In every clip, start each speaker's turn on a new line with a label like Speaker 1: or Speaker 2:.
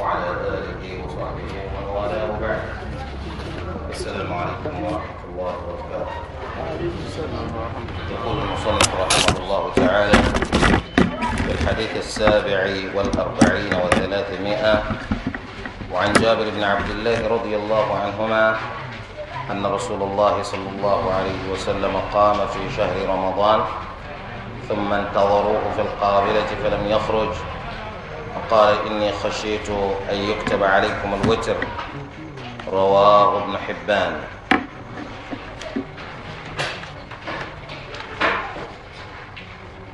Speaker 1: وعلى آله وصحبه ومن والاه وبعد السلام عليكم ورحمة الله وبركاته يقول المصنف رحمه الله تعالى في الحديث السابع والأربعين وثلاثمائة وعن جابر بن عبد الله رضي الله عنهما أن رسول الله صلى الله عليه وسلم قام في شهر رمضان ثم انتظروه في القابلة فلم يخرج وقال إني خشيت أن يكتب عليكم الوتر رواه ابن حبان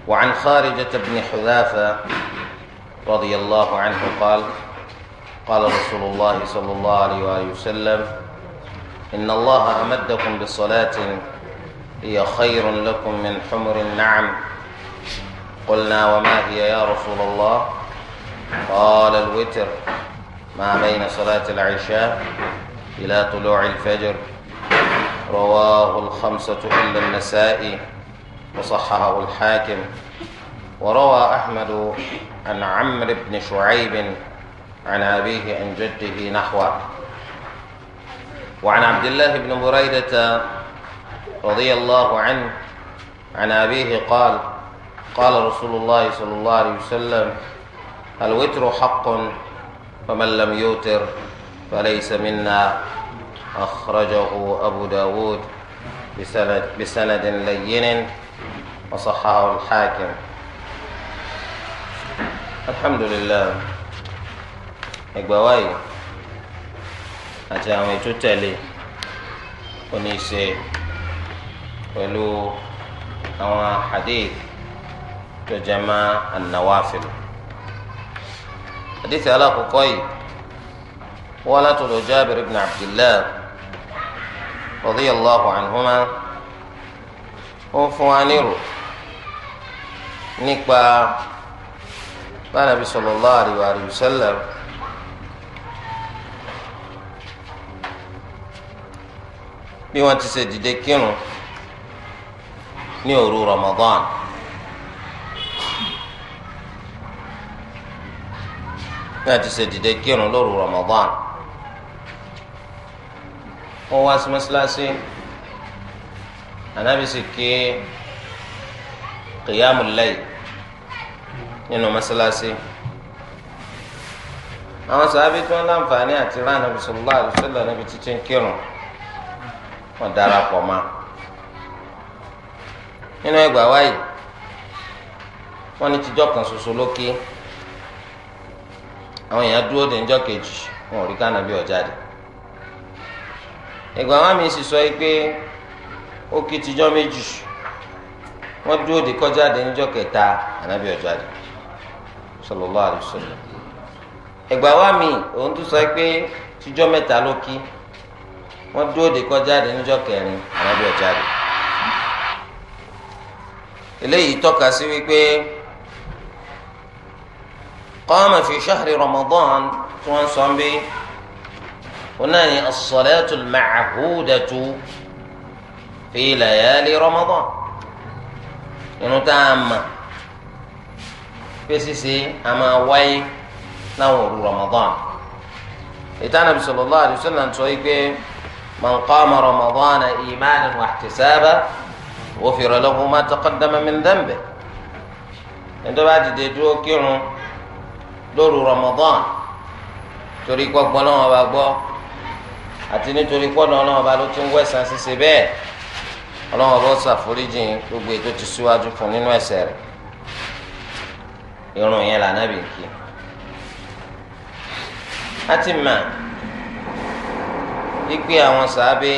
Speaker 1: وعن خارجة بن حذافة رضي الله عنه قال قال رسول الله صلى الله عليه وآله وسلم إن الله أمدكم بصلاة هي خير لكم من حمر النعم قلنا وما هي يا رسول الله قال الوتر ما بين صلاة العشاء إلى طلوع الفجر رواه الخمسة إلا النسائي وصححه الحاكم وروى أحمد عن عمرو بن شعيب عن أبيه عن جده نحوه وعن عبد الله بن بريدة رضي الله عنه عن أبيه قال قال رسول الله صلى الله عليه وسلم الوتر حق فمن لم يوتر فليس منا أخرجه أبو داود بسند, بسند لين وصححه الحاكم الحمد لله إقبواي أتعامل تتلي ونيسي ولو أو حديث تجمع النوافل حديث على قوي ولا تلو جابر بن عبد الله رضي الله عنهما وفوانيرو نكبا النبي صلى الله عليه وآله وسلم bí wọn ti ṣe dìde kírun ní òru Ramadan. náà ti ṣe dìde kírun lóru Ramadan ó wá sí mọ́ṣáláṣí ànábì sì ké qiyamul layl nínú mọ́ṣáláṣí àwọn sàábí tí wọ́n láǹfààní àti rán ànábì sallallahu alaihi wasallam níbi títí ń kírun wọ́n darapọ̀ mọ́ nínú ẹgbàá wáyé wọ́n ní tíjọ́ kan ṣoṣo lókè. àwọn èèyàn dúró de ńjọ́ kejì wọn ò rí kánàbí ọ̀jáde ìgbà wọn mi sì sọ yìí pé ó kí tijọ́ méjì wọn dúró de kọjáde ńjọ́ kẹta ànábì ọ̀jáde sallallahu alaihi ìgbà mi òun sọ pé tijọ́ mẹ́ta ló kí wọn dúró de kẹrin ànábì eléyìí قام في شهر رمضان توان سامبي هنا الصلاة المعهودة في ليالي رمضان إنه تام سيسي أما واي نور رمضان إتانا النبي صلى الله عليه وسلم سويك من قام رمضان إيمانا واحتسابا غفر له ما تقدم من ذنبه إنه بعد دي دو كيرو lóru Ramadan torí gbọgbọ lọ́wọ́ bá gbọ́ àti nítorí pọ́nà ọlọ́wọ́ bá ló tún wẹ̀sán ṣíṣe bẹ́ẹ̀ ọlọ́wọ́ bá ṣàforíjì gbogbo ètò ti síwájú fún nínú ẹ̀ṣẹ̀ rẹ̀ irun yẹn là nábì kí a ti mà wípé àwọn sàábé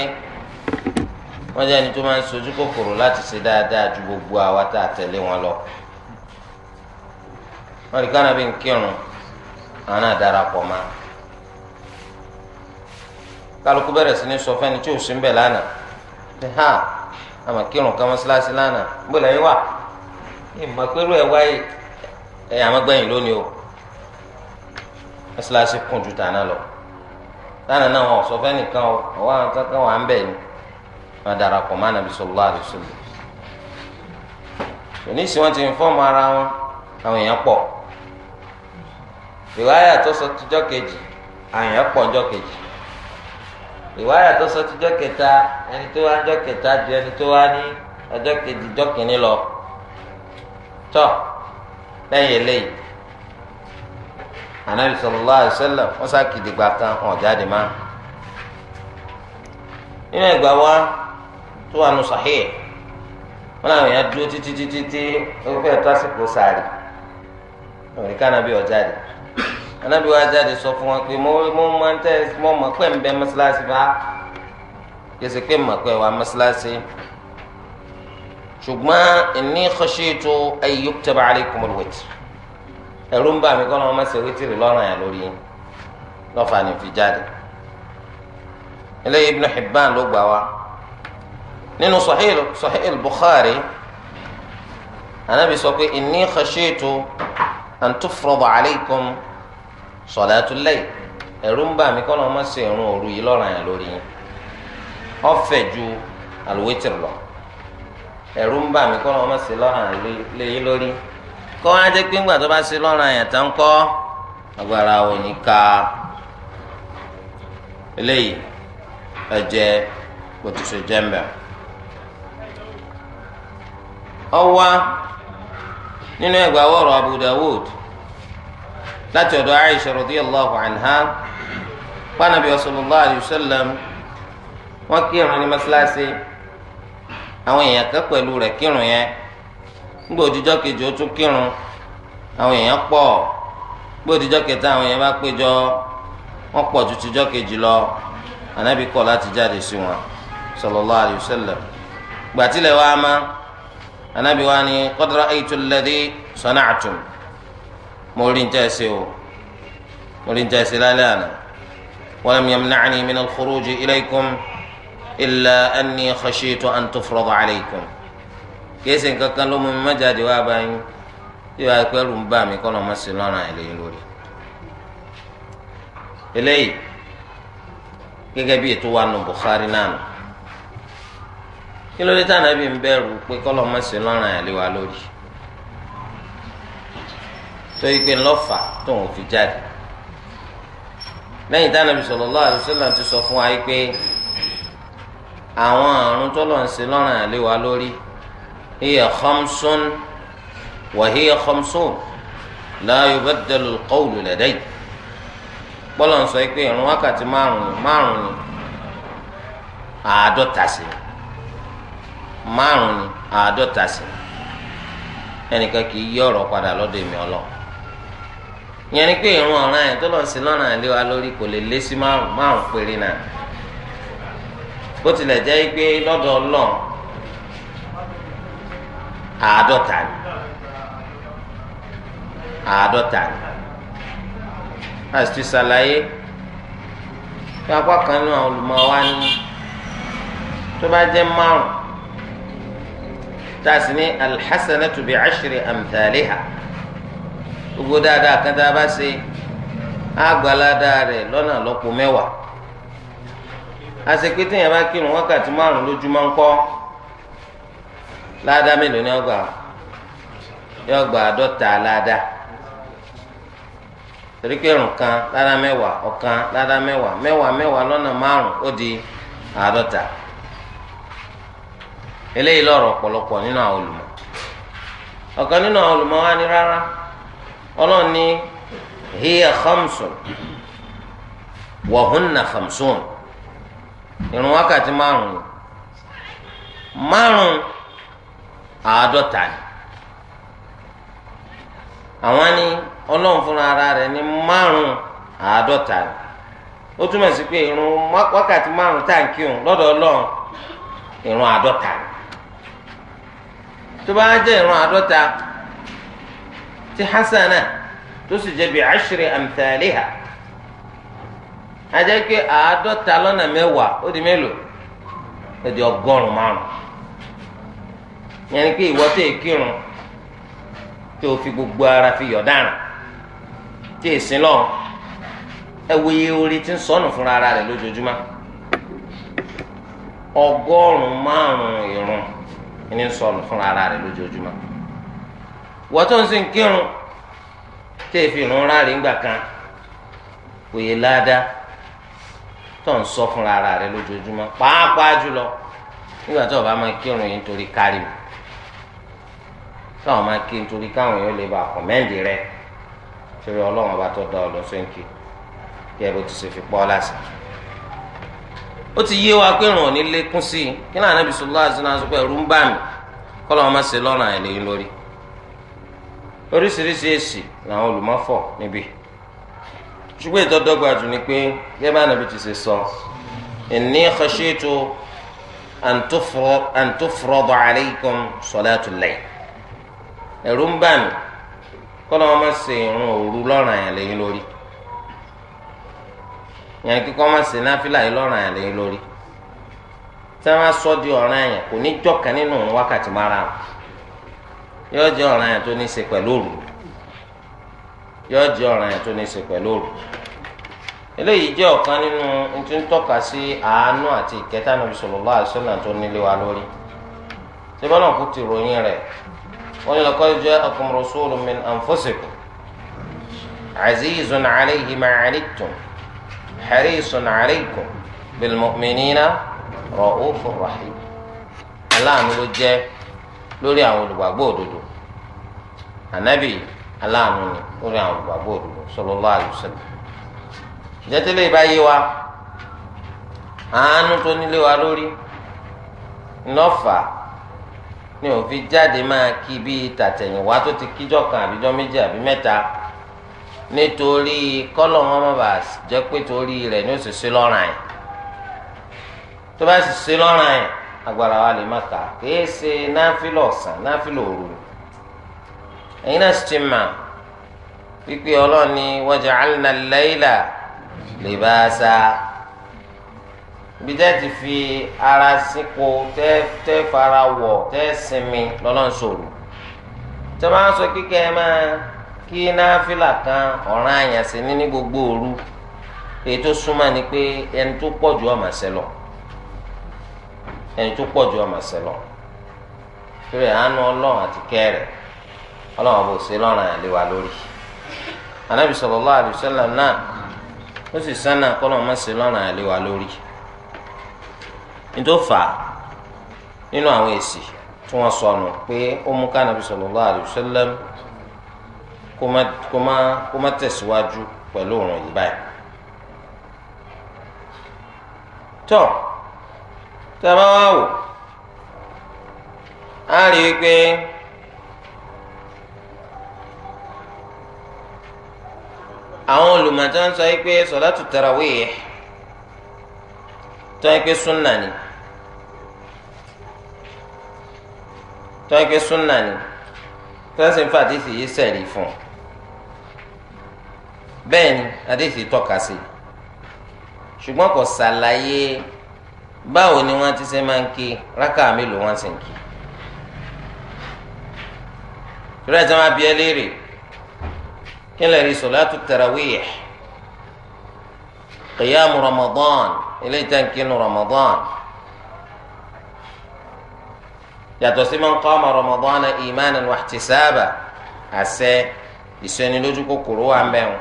Speaker 1: wọ́n jẹ́ ẹni tó máa ń sojú kòkòrò láti ṣe dáadáa ju gbogbo àwa tá a tẹ̀lé wọn lọ wọ́n rí kánábì ń kírun. àwọn dara darapọ̀ maa kálukú bẹ̀rẹ̀ sí ní sọ fẹ́ni lana ò ha ń bẹ̀ lánàá ṣe hàn àmọ́ kírun kan mọ́ṣáláṣí lánàá gbọ́dọ̀ yín wà ìmọ̀ wáyé ẹ̀ o mọ́ṣáláṣí ju lọ tàná na wọn ò kan o kankan wà ń bẹ̀ ni wọn darapọ̀ ti ìwáyà tó sọ tijọ́ kejì àyàn pọ̀ ọjọ́ kejì ìwáyà tó sọ tijọ́ kẹta ẹni tó wá ọjọ́ kẹta di ẹni tó wá ní ọjọ́ kejì ọjọ́ kìíní lọ tọ́ lẹ́yìn eléyìí anabi sallallahu alaihi wasallam wọn sá kìdìgbà kan wọn jáde má nínú ìgbà wa tó wà nù sàhíì wọn làwọn èèyàn dúró títí títí tí ó fẹ́ẹ́ tó àsìkò sáré òrìkà náà bí anabi wa jáde sọ fún wọn pé mo mọ ń tẹ mo mọ pé ń bẹ mọ́sálásí bá yẹsẹ pé mọ pé wà mọ́sálásí ṣùgbọ́n inni khashitu an yuktaba alaykum al-witr ẹ̀rú ń bà mí kọ́ ni wọ́n máa ṣe wítìrì lọ́rùn yà lórí lọ́fà ní fi jáde eléyìí Ibn Hibban ló gbà wá nínú Sahih Sahih bukhari anabi sọ pé inni khashitu an tufrada alaykum. salatul layl ẹ̀rù ń bà mí kọ́ lọ́n má ṣe ìrun òru yìí lọ́ràn yẹn lórí yín ọ̀fẹ́ ju al-witr lọ ẹ̀rù ń bà mí kọ́ lọ́n má ṣe lọ́ràn yẹn lórí kọ́ wá jẹ́ pé ńgbà tó bá ṣe lọ́ràn yẹn tán kọ́ agbára òní ka eléyìí ẹ̀jẹ̀ kòtùsọ̀ jẹ́mbẹ̀ ọwá nínú ẹgbàá wọ̀rọ̀ Abu láti ọ̀dọ̀ Aisha radiyallahu anha panabi sallallahu alayhi wa sallam wọ́n kírun ní mọ́sálásí àwọn èèyàn kan pẹ̀lú rẹ̀ kírun yẹn nígbà òjijọ́ kejì ó tún kírun àwọn èèyàn pọ̀ nígbà òjijọ́ kẹta àwọn èèyàn bá péjọ wọ́n pọ̀ ju tijọ́ kejì lọ ànábì kọ̀ láti jáde sí wọn sallallahu alayhi gbàtílẹ̀ wa ma ànábì wa ni qad ra'aytu alladhi sana'tum mo rí n tẹ́ ṣe o mo rí n tẹ́ ṣe lálẹ́ àná walam yamna'ni min al-khuruji ilaykum illa anni khashitu an tufrada alaykum kéésì kankan ló mú mi má jáde wá báyìí bí wàá pẹ́ lù ń bá mi kọ́ lọ́ mọ́ sí lọ́rùn àìlèyìn lórí eléyìí gẹ́gẹ́ bí ètò wa nù Bukhari náà nù kí ló dé tànà bí n bẹ̀rù pé kọ́ lọ́ mọ́ sí lọ́rùn àìlèwà lórí torí pé ńlọ́fà tó ń fi jáde lẹ́yìn táwọn Ànábì sallallahu alaihi wasallam ti sọ fún wa yìí pé àwọn àrùn tó lọ́n ṣe lọ́rùn àlè wa lórí hiya khamsun wa hiya khamsun la yubaddalu al-qawlu ladayya bọ́lọ̀ ń sọ pé ìrun wákàtí márùn-ún márùn-ún àádọ́ta sí márùn-ún àádọ́ta sí ẹnìkan kì í yí ọ̀rọ̀ padà lọ́dọ̀ èmi Ọlọ́run ìyẹn ni pé ìrun ọ̀ràn yẹn tó lọ sí lọ́ràn àlẹ́ wa lórí kò lè lé sí márùn márùn péré náà bó tilẹ̀ jẹ́ pé lọ́dọ̀ ọlọ́run àádọ́ta ni àádọ́ta ni àti ṣàlàyé pé apá kan nínú àwọn olùmọ̀ wa ní tó bá jẹ́ márùn tá a sì ní alḥasanatu bi ashri amthaliha. gbogbo dáadáa kan tá a bá ṣe á gbalada lọ́nà lọ́pọ̀ mẹ́wàá àṣepé téèyàn bá kírun wákàtí márùn lójúmọ́ láàdá mélòó ni ọgbà yọgbà àádọ́ta láàdá torí pé irun kan láàdá mẹ́wàá ọ̀kan láàdá mẹ́wàá mẹ́wàá mẹ́wàá lọ́nà márùn ó di àádọ́ta eléyìí lọ́rọ̀ ọ̀pọ̀lọpọ̀ nínú àwọn olùmọ̀ ọ̀kan ọlọ́run ní hiya khamsun wa hunna khamsun irun wákàtí márùn márùn àádọ́ta ni àwọn ni ọlọ́run fúnra ara rẹ̀ ní márùn àádọ́ta ni ó túmọ̀ sí pé irun wákàtí márùn táǹkì òun lọ́dọ̀ ọlọ́run irun àádọ́ta ni tó bá jẹ́ irun àádọ́ta. ti hasana tó sì jẹ́ bí ashri amthaliha ajẹ́ pé àádọ́ta lọ́nà mẹ́wàá ó di mélòó ó di ọgọ́rùn márùn yẹn ni pé ìwọ tó èkírun tó fi gbogbo ara fi yọ̀ dáràn tí èsìn lọ ẹ wo iye orí tí ń sọnù fúnra ara rẹ̀ lójoojúmọ́ ọgọ́rùn márùn ìrun ni ń sọnù fúnra ara rẹ̀ lójoojúmọ́ wọ́n tó ń sin kírun tẹ́ ẹ fi rún rárẹ̀ ńgbà kan kò yẹ ládàá tó ń sọ fúnra ara rẹ lójoojúmọ́ pàápàá jùlọ nígbà tó o bá máa kírun yìí nítorí kárí mi káwọn máa kí nítorí káwọn yóò lè ba kọ̀mẹ́ǹdì rẹ torí ọlọ́run ọba tó dá ọ lọ sẹ́ńkì kí ẹ bó ti ṣe fi pọ́ lásìkò ó ti yé wa pé ràn ní lékún sí i kí náà Ànábì sallallahu alaihi wasallam pé ẹ̀rù ń bà mí kọ́ lọ́wọ́ má ṣe lọ́rùn àìlèyìn lórí oríṣiríṣi èsì làwọn olùmọ̀fọ̀ níbí ṣùgbọ́n ìtọ́dọ́gba jù ni pé gẹ́gẹ́ bá nàbí ti ṣe sọ inni khashitu an tufrada alaykum salatul layl ẹ̀rù ń bà mí kọ́ lọ́wọ́ má ṣe irun òru lọ́rùn àyàn lẹ́yìn lórí yẹn kíkọ́ má ṣe náfìlà yìí lọ́rùn àyàn lẹ́yìn lórí tí wọ́n á sọ di ọ̀ràn àyàn kò ní jọ́ka nínú wákàtí márùn-ún yóò jẹ́ ọ̀ràn yẹn tó ní í ṣe pẹ̀lú òru yóò jẹ́ ọ̀ràn yẹn tó ní í ṣe pẹ̀lú òru eléyìí jẹ́ ọ̀kan nínú tí ń tọ́ka sí àánú àti ìkẹta Ànábì sallallahu alaihi wasallam tó nílé wa lórí ṣé bọ́lá kò ti ròyìn rẹ̀ wọ́n ní laqad ja'akum rasulun min anfusikum azizun alayhi ma harisun alaykum bil mu'minina ra'ufur rahim aláàánú ló jẹ́ lórí àwọn olùgbàgbọ́ òdodo ànábì aláàánú ni lórí àwọn olùgbàgbọ́ òdodo sallallahu alaihi wasallam ìjẹtẹlẹ ìbáyé wa àánú tó nílé wa lórí ńlọfà ni òfin jáde máa kí bíi tàtẹ̀yìnwá tó ti kíjọ kan àbíjọ méjì àbí mẹ́ta nítorí kọ́lọ̀ wọn má bàa jẹ́ pé torí rẹ̀ ni ó sì ṣe lọ́ràn yẹn tó bá sì ṣe lọ́ràn yẹn agbára wa lè má kà kìí ṣe náfìlà ọ̀sán náfìlà òru ẹ̀yin náà sì ti mà pípé ọlọ́run ni waja'alna al-layla libasa ibi tẹ́ ti fi ara sípò tẹ́ tẹ́ fara wọ̀ tẹ́ sinmi lọ́lọ́run tẹ́ máa sọ kíkẹ́ ẹ máa kí náfìlà kan ọ̀ràn àyànṣe ní ní gbogbo òru èyí súnmọ́ ni pé ẹni tó pọ̀ jù ọ̀mà ṣẹlọ̀ ẹni tó pọ̀ ju ọmọ ẹsẹ̀ lọ rẹ̀ àánú ọlọ́run àti kẹ́rẹ̀ ọlọ́run bò sí lọ́rùn àlewa lórí anabi sallallahu alaihi wasallam náà ó sì sánà kọ́nà má sí lọ́rùn àlewa lórí nítòfà nínú àwọn èsì tí wọ́n sọnù pé ó mú ká anabi kó má tẹ̀síwájú pẹ̀lú òrùn yìí báyìí tá a bá wá wò á rí i pé àwọn olùmọ̀tá ń sọ yìí pé sọ̀látù tarawih tó yẹ pé súnà ni tó yẹ pé súnà ni tó yẹ sìn fún yìí sẹ̀rí fún bẹ́ẹ̀ ni àdìsí tọ́ka sí ṣùgbọ́n kò ṣàlàyé báwo ni wọ́n ti ṣe máa ń ké rákà mélòó wọ́n sì ń ké ìrẹ́ tí wọ́n á bí ẹ léèrè kí lè rí sọ̀látù tarawih qiyamu ramadan ilé ìtànkínú ramadan yàtọ̀ sí man qama ramadan imanan wahtisaban àṣẹ ìsọ̀nilójú kòkòrò wà ń bẹ̀rù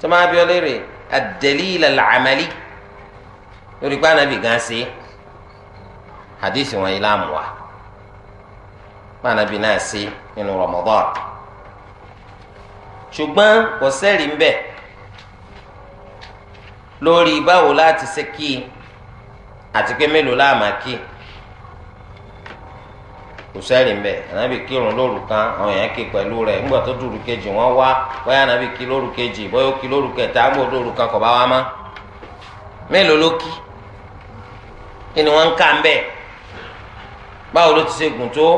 Speaker 1: tí wọ́n á bí ẹ léèrè ad-dalil al lórí pé anabi gan ṣe hadith wọn yìí láàmú wa pé anabi náà ṣe nínú Ramadan ṣùgbọ́n kò sẹ́rìí ń bẹ̀ lórí báwo láti ṣe kí àti pé mélòó kí kò ń bẹ̀ anabi kírun lóru kan àwọn èèyàn kí pẹ̀lú rẹ̀ nígbà tó dùrù kejì wọ́n wá bóyá anabi kí lóru kejì bóyá ó kí lóru kẹta ni wọ́n ń kà ń bẹ̀ báwo ló ti ṣe gùn tó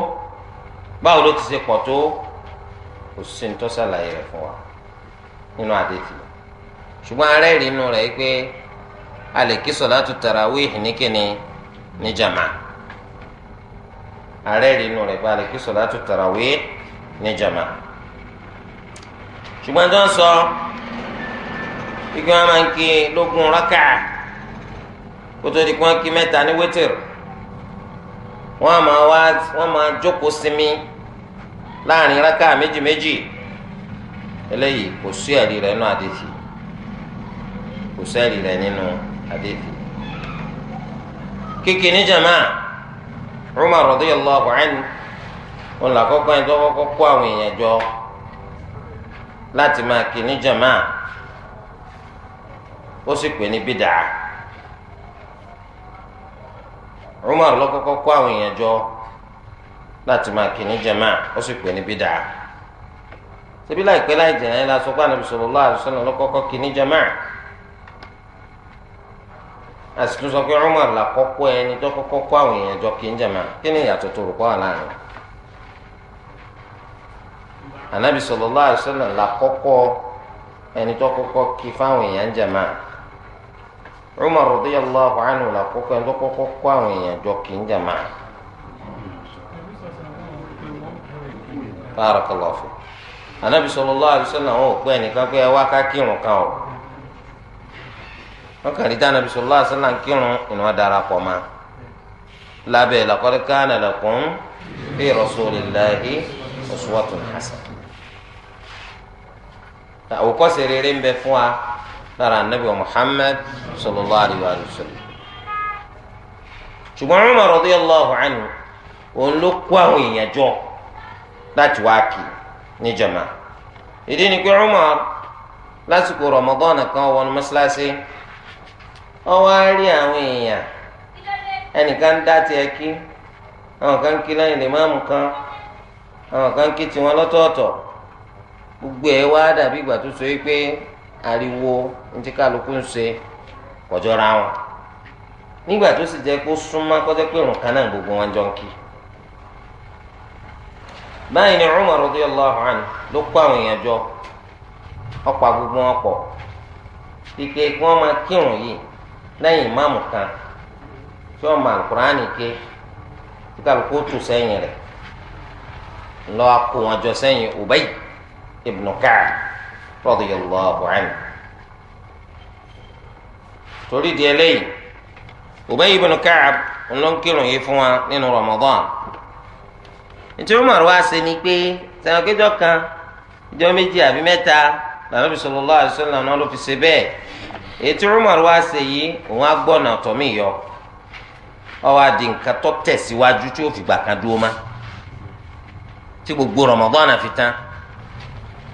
Speaker 1: báwo ló ti ṣe pọ̀ tó kò sí ní tó ṣàlàyé rẹ̀ fún wa nínú àdéhùn ṣùgbọ́n arẹ́rìí inú rẹ̀ pé a lè kí sọ̀látù tarawih nìkíni ní jama arẹ́rìí inú rẹ̀ pé a lè kí sọ̀látù tarawih ní jama ṣùgbọ́n tó ń sọ ìgbìmọ̀ máa ń kí lógún rákà kótó di kó kí mẹ́ta ní wétìrì wọ́n á máa wá wọ́n máa jókòó sinmi láàrin rákà méjì méjì eléyìí kò sí ẹ̀rí rẹ̀ nínú àdéhì kò sí ẹ̀rí rẹ̀ nínú àdéhì. kíkì ní jama Umar radiyallahu anhu wọn là kọ́kọ́ ẹni tó kọ́kọ́ kó àwọn èèyàn jọ láti máa kì ní jama ó sì pè ní bídàá. Umar ló kọ́kọ́ kó àwọn èèyàn jọ láti máa kí ní jẹ̀má ó sì pè ní bídà ṣebí láìpẹ́ láì jẹ̀yìn ẹ̀ la sọ pé Ànábì sallallahu alaihi wasallam ló kọ́kọ́ kí ní jẹ̀má àsìkò sọ pé Umar là kọ́kọ́ ẹni tó kọ́kọ́ kó àwọn èèyàn jọ kí ní jẹ̀má kí ni ìyàtọ̀ tó rò pọ̀ wà láàrin Ànábì sallallahu alaihi wasallam là kọ́kọ́ ẹni tó kọ́kọ́ kí fáwọn èèyàn jẹ̀má. Umar radiyallahu anhu la kókó ẹni tó kọ́kọ́ kó àwọn èèyàn jọ kì í jàmá. barakallahu fi anabi sallallahu alaihi wasallam àwọn òpin ẹnìkan pé ẹ wá ká kírun kan o wọn kàn rí dáná anabi sallallahu alaihi wasallam kírun ìnáwó darapọ̀ máa lábẹ́ laqad kana lakum fi rasulillahi uswatun hasanah. àwòkọ́ṣe rere ń bẹ fún wa lára anabi wa muhammad sallallahu alayhi wa sallam ṣùgbọ́n umar radiyallahu anhu òun ló kó àwọn èèyàn jọ láti wá kí ní jama ìdí ni pé umar lásìkò ramadan kan wọnú mọ́ṣáláṣí wọ́n wá rí àwọn èèyàn ẹnìkan ń dá tiẹ̀ kí àwọn kan kí lẹ́yìn lè máàmù kan àwọn kan kí tiwọn lọ́tọ̀ọ̀tọ̀ gbogbo ẹ̀ wá dàbí ìgbà tó so yìí pé ariwo ntí kálukú ń ṣe kọjọra wọn nígbà tó sì jẹ́ pé ó súnmọ́ pé òrùn kan náà gbogbo wọn jọ ń kí báyìí ni Umar radiyallahu anhu ló kó àwọn èèyàn jọ gbogbo wọn kíkẹ kí máa kírun yìí ìmáàmù kan tí máa tí tù radiyallahu anhu torí di eléyìí di ibn Ka'ab ló yìí fún wa nínú Ramadan nítorí Umar wá ṣe ni pé kan ìjọ méjì àbí mẹ́ta lànà bí sallallahu alaihi náà ló fi ṣe bẹ́ẹ̀ ètò Umar wá ṣe yìí òun á gbọ́nà tọ́mí yọ ọwọ́ adi nǹkan tó tẹ̀síwájú tí ó fìgbà kan dúró má tí gbogbo Ramadan náà tán.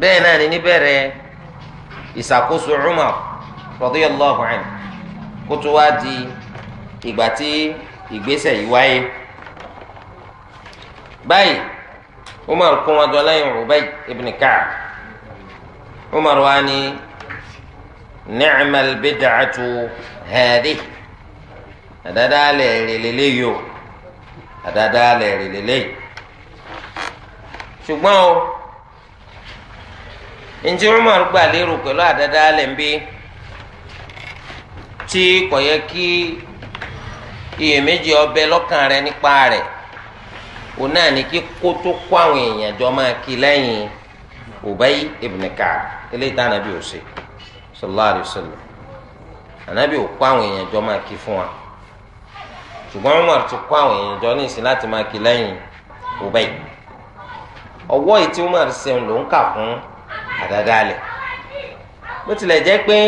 Speaker 1: bẹ́ẹ̀ náà ni níbẹ̀rẹ̀ ìṣàkóso Umar radiyallahu anhu kó tó wá di ìgbà tí ìgbésẹ̀ yìí wáyé báyìí Umar kó wọn jọ lẹ́yìn Ubay ibn Ka'b Umar wa ni ni'mal bid'atu hadhihi àdáadáa lẹ̀ lélẹ́ yìí o àdáadáa lẹ̀ lélẹ́ ṣùgbọ́n o. njẹ́ Umar gbà lérò pẹ̀lú àdáda lẹ́ńbí tí kò yẹ kí iyèméjì ọbẹ̀ lọ́kàn rẹ nípa rẹ̀ òun náà ní kí kó tó kó àwọn èèyàn jọ máa kí lẹ́yìn Ubay ibn eléyìí tá ànábì ò ṣe sallallahu alayhi wa ànábì ò kó àwọn èèyàn jọ máa kí fún wa ti kó àwọn èèyàn jọ láti máa àdádálẹ̀ bó tilẹ̀ jẹ́ pé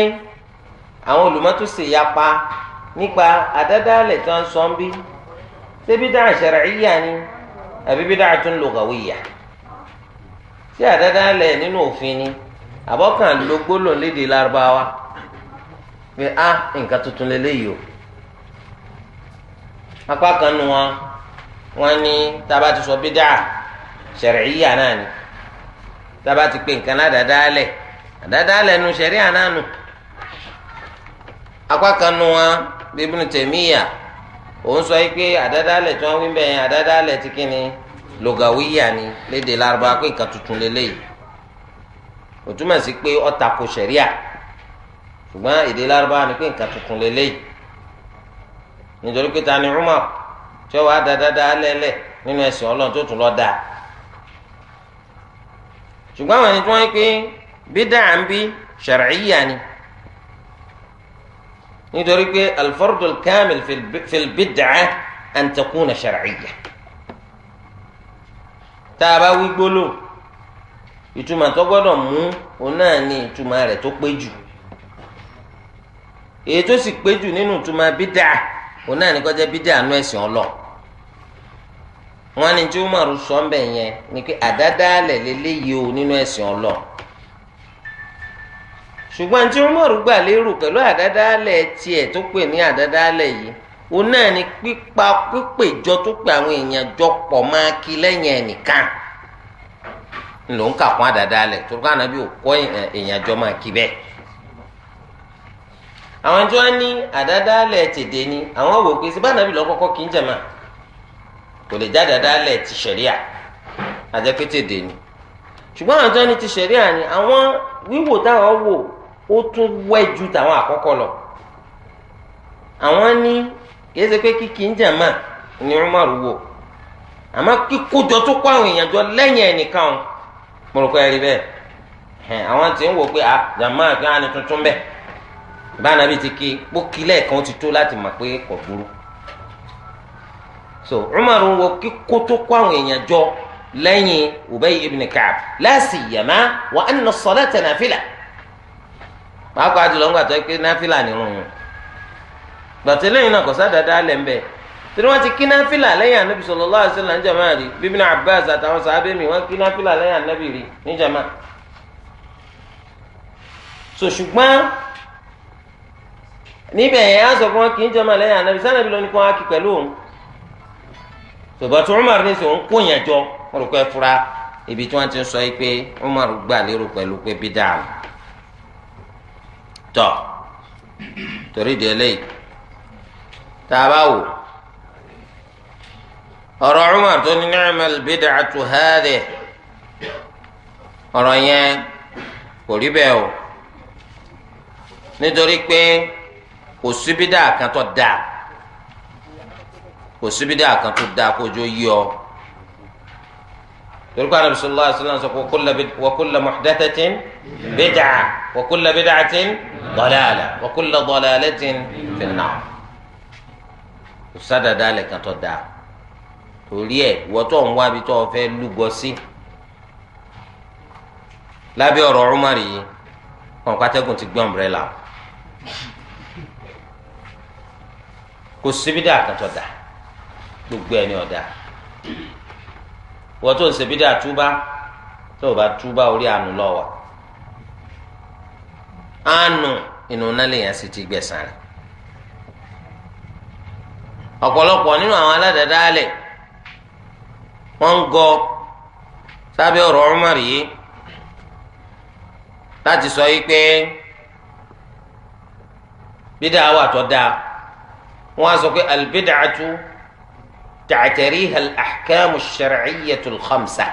Speaker 1: àwọn olùmọ́tò sì yapa nípa àdádálẹ̀ tó ń sọ ń bí ṣé bídà ṣàr'íyà ni àbí bídà tún lùgàwíyà ṣé àdádálẹ̀ nínú òfin ni àbọ̀kàn ló gbólóhùn lédè lárúbáwá pé a nǹkan tuntun lélẹ́yìí o apá kan nu wọn wọn ní tá a bá ti sọ náà tába ti pè nǹkan ládàáda lẹ̀ àdáadáa lẹ̀ nu sẹ̀rí ànánu apá kan nu wọn bí Ibn òun sọ pé àdáadáa lẹ̀ tí wọ́n wí bẹ́ẹ̀ àdáadáa lẹ̀ ti kí ni lògàwíyà ni léde lárúbá pé nǹkan tuntun lélẹ́yìí ó túmọ̀ sí pé ó tako à ṣùgbọ́n èdè lárúbá ni ta ni tí dáadáa lẹ́lẹ̀ nínú ẹ̀sìn ọlọ́run tó tún lọ́ọ́ dáa ṣùgbọ́n àwọn ẹni tí wọ́n ń pè bídàá ń bí ṣàràyíyà ni nítorí pé alfardul kamil fil bídàá an takuna ṣàràyíyà tá a bá wí gbólò ìtumọ̀ tó gbọ́dọ̀ mú òun náà ni ìtumọ̀ rẹ̀ tó pé jù èyí tó sì pé jù nínú ìtumọ̀ bídàá òun náà ni kó jẹ́ bídàá nú ẹ̀sìn Ọlọ́run. wọn ní tí umar sọ yẹn ni pé àdádálẹ̀ lélẹ́yìí o nínú ẹ̀sìn ọlọ́ ṣùgbọ́n tí umar gbà lérò pẹ̀lú àdádálẹ̀ tiẹ̀ tó pè ní àdádálẹ̀ yìí òun náà ni pípa pípèjọ tó pe àwọn èèyàn jọ pọ̀ máa kí lẹ́yìn ẹnìkan ló ń kà kún àdádálẹ̀ tó kọ́ ànábì ò kọ́ èèyàn jọ máa kí bẹ́ẹ̀ àwọn tí wọ́n ní àdádálẹ̀ tèdè ni àwọn wò pé kò lè já dáadáa lẹ̀ ti ṣẹ̀ríà àjẹpẹ́tẹ̀dẹ̀ ni ṣùgbọ́n àwọn tó ní ti ṣẹ̀ríà ni àwọn wíwò táwọn wò ó tún wẹ́ ju tàwọn àkọ́kọ́ lọ àwọn ní kìí ṣe pé kíkì ń jàmà ni Umar wò àmọ́ kíkójọ tó kó àwọn èèyàn jọ lẹ́yìn ẹnìkan o mo rò pé ẹ rí bẹ́ẹ̀ àwọn tí ń wò pé à jàmà kí wọ́n á ní tuntun bẹ́ẹ̀ bá nàbí ti kí pókí lẹ́ẹ̀kan ti tó láti mọ̀ pé kò burú. so umar ń wo kíkó tó kó àwọn èèyàn ibn kaab la siyama wa anna salata nafila pàápàá jùlọ ń gbàtọ́ pé nafila ni irun wọn gbàtọ́ lẹ́yìn náà kò sá dáadáa lẹ́ ń bẹ́ẹ̀ tí wọ́n ti kí náfìlà lẹ́yìn anabi sallallahu alaihi wasallam níjàmá rí bíbí abbas àtàwọn sàábẹ mi wọ́n kí náfìlà lẹ́yìn anabi rí níjàmá. so ṣùgbọ́n níbẹ̀ yẹn á ṣùgbọ́n tí Umar ní sọ ń kó yẹn jọ wọn rò pé fura ibi tí wọ́n ti ń sọ yìí pé Umar gbà lérò pẹ̀lú pé bídà ni tọ torí di eléyìí tá a bá wò ọ̀rọ̀ Umar tó ní ni'mal bid'atu hadhihi ọ̀rọ̀ yẹn kò rí bẹ́ẹ̀ o nítorí pé kò sí bídà kan tó dáa kò síbídé àkàn tó dáa kójó yí ọ torí kó anabi sallallahu alayhi wa sallam sọ wa kulla muhdathatin bid'ah wa kulla bid'atin dalalah wa kulla dalalatin fin-nar kò sádàdà lẹ̀kan tó dáa torí ẹ̀ wọ́n tó ń wá bi tó fẹ́ lúgọ sí lábẹ́ ọ̀rọ̀ Umar yìí kàn pátẹ́gùn ti gbé umbrella kò síbídé àkàn tó dáa. gbogbo ẹni ọ̀dà wọ́n tó ń ṣe bídà túbá tó o bá túbá orí àánú wà. àánú inú nálẹ̀ yẹn sì ti gbẹ̀sán rẹ̀ ọ̀pọ̀lọpọ̀ nínú àwọn aládàádáálẹ̀ wọ́n ń gọ sábẹ́ ọ̀rọ̀ Umar yìí láti sọ yìí pé bídà تعتريها الأحكام الشرعية الخمسة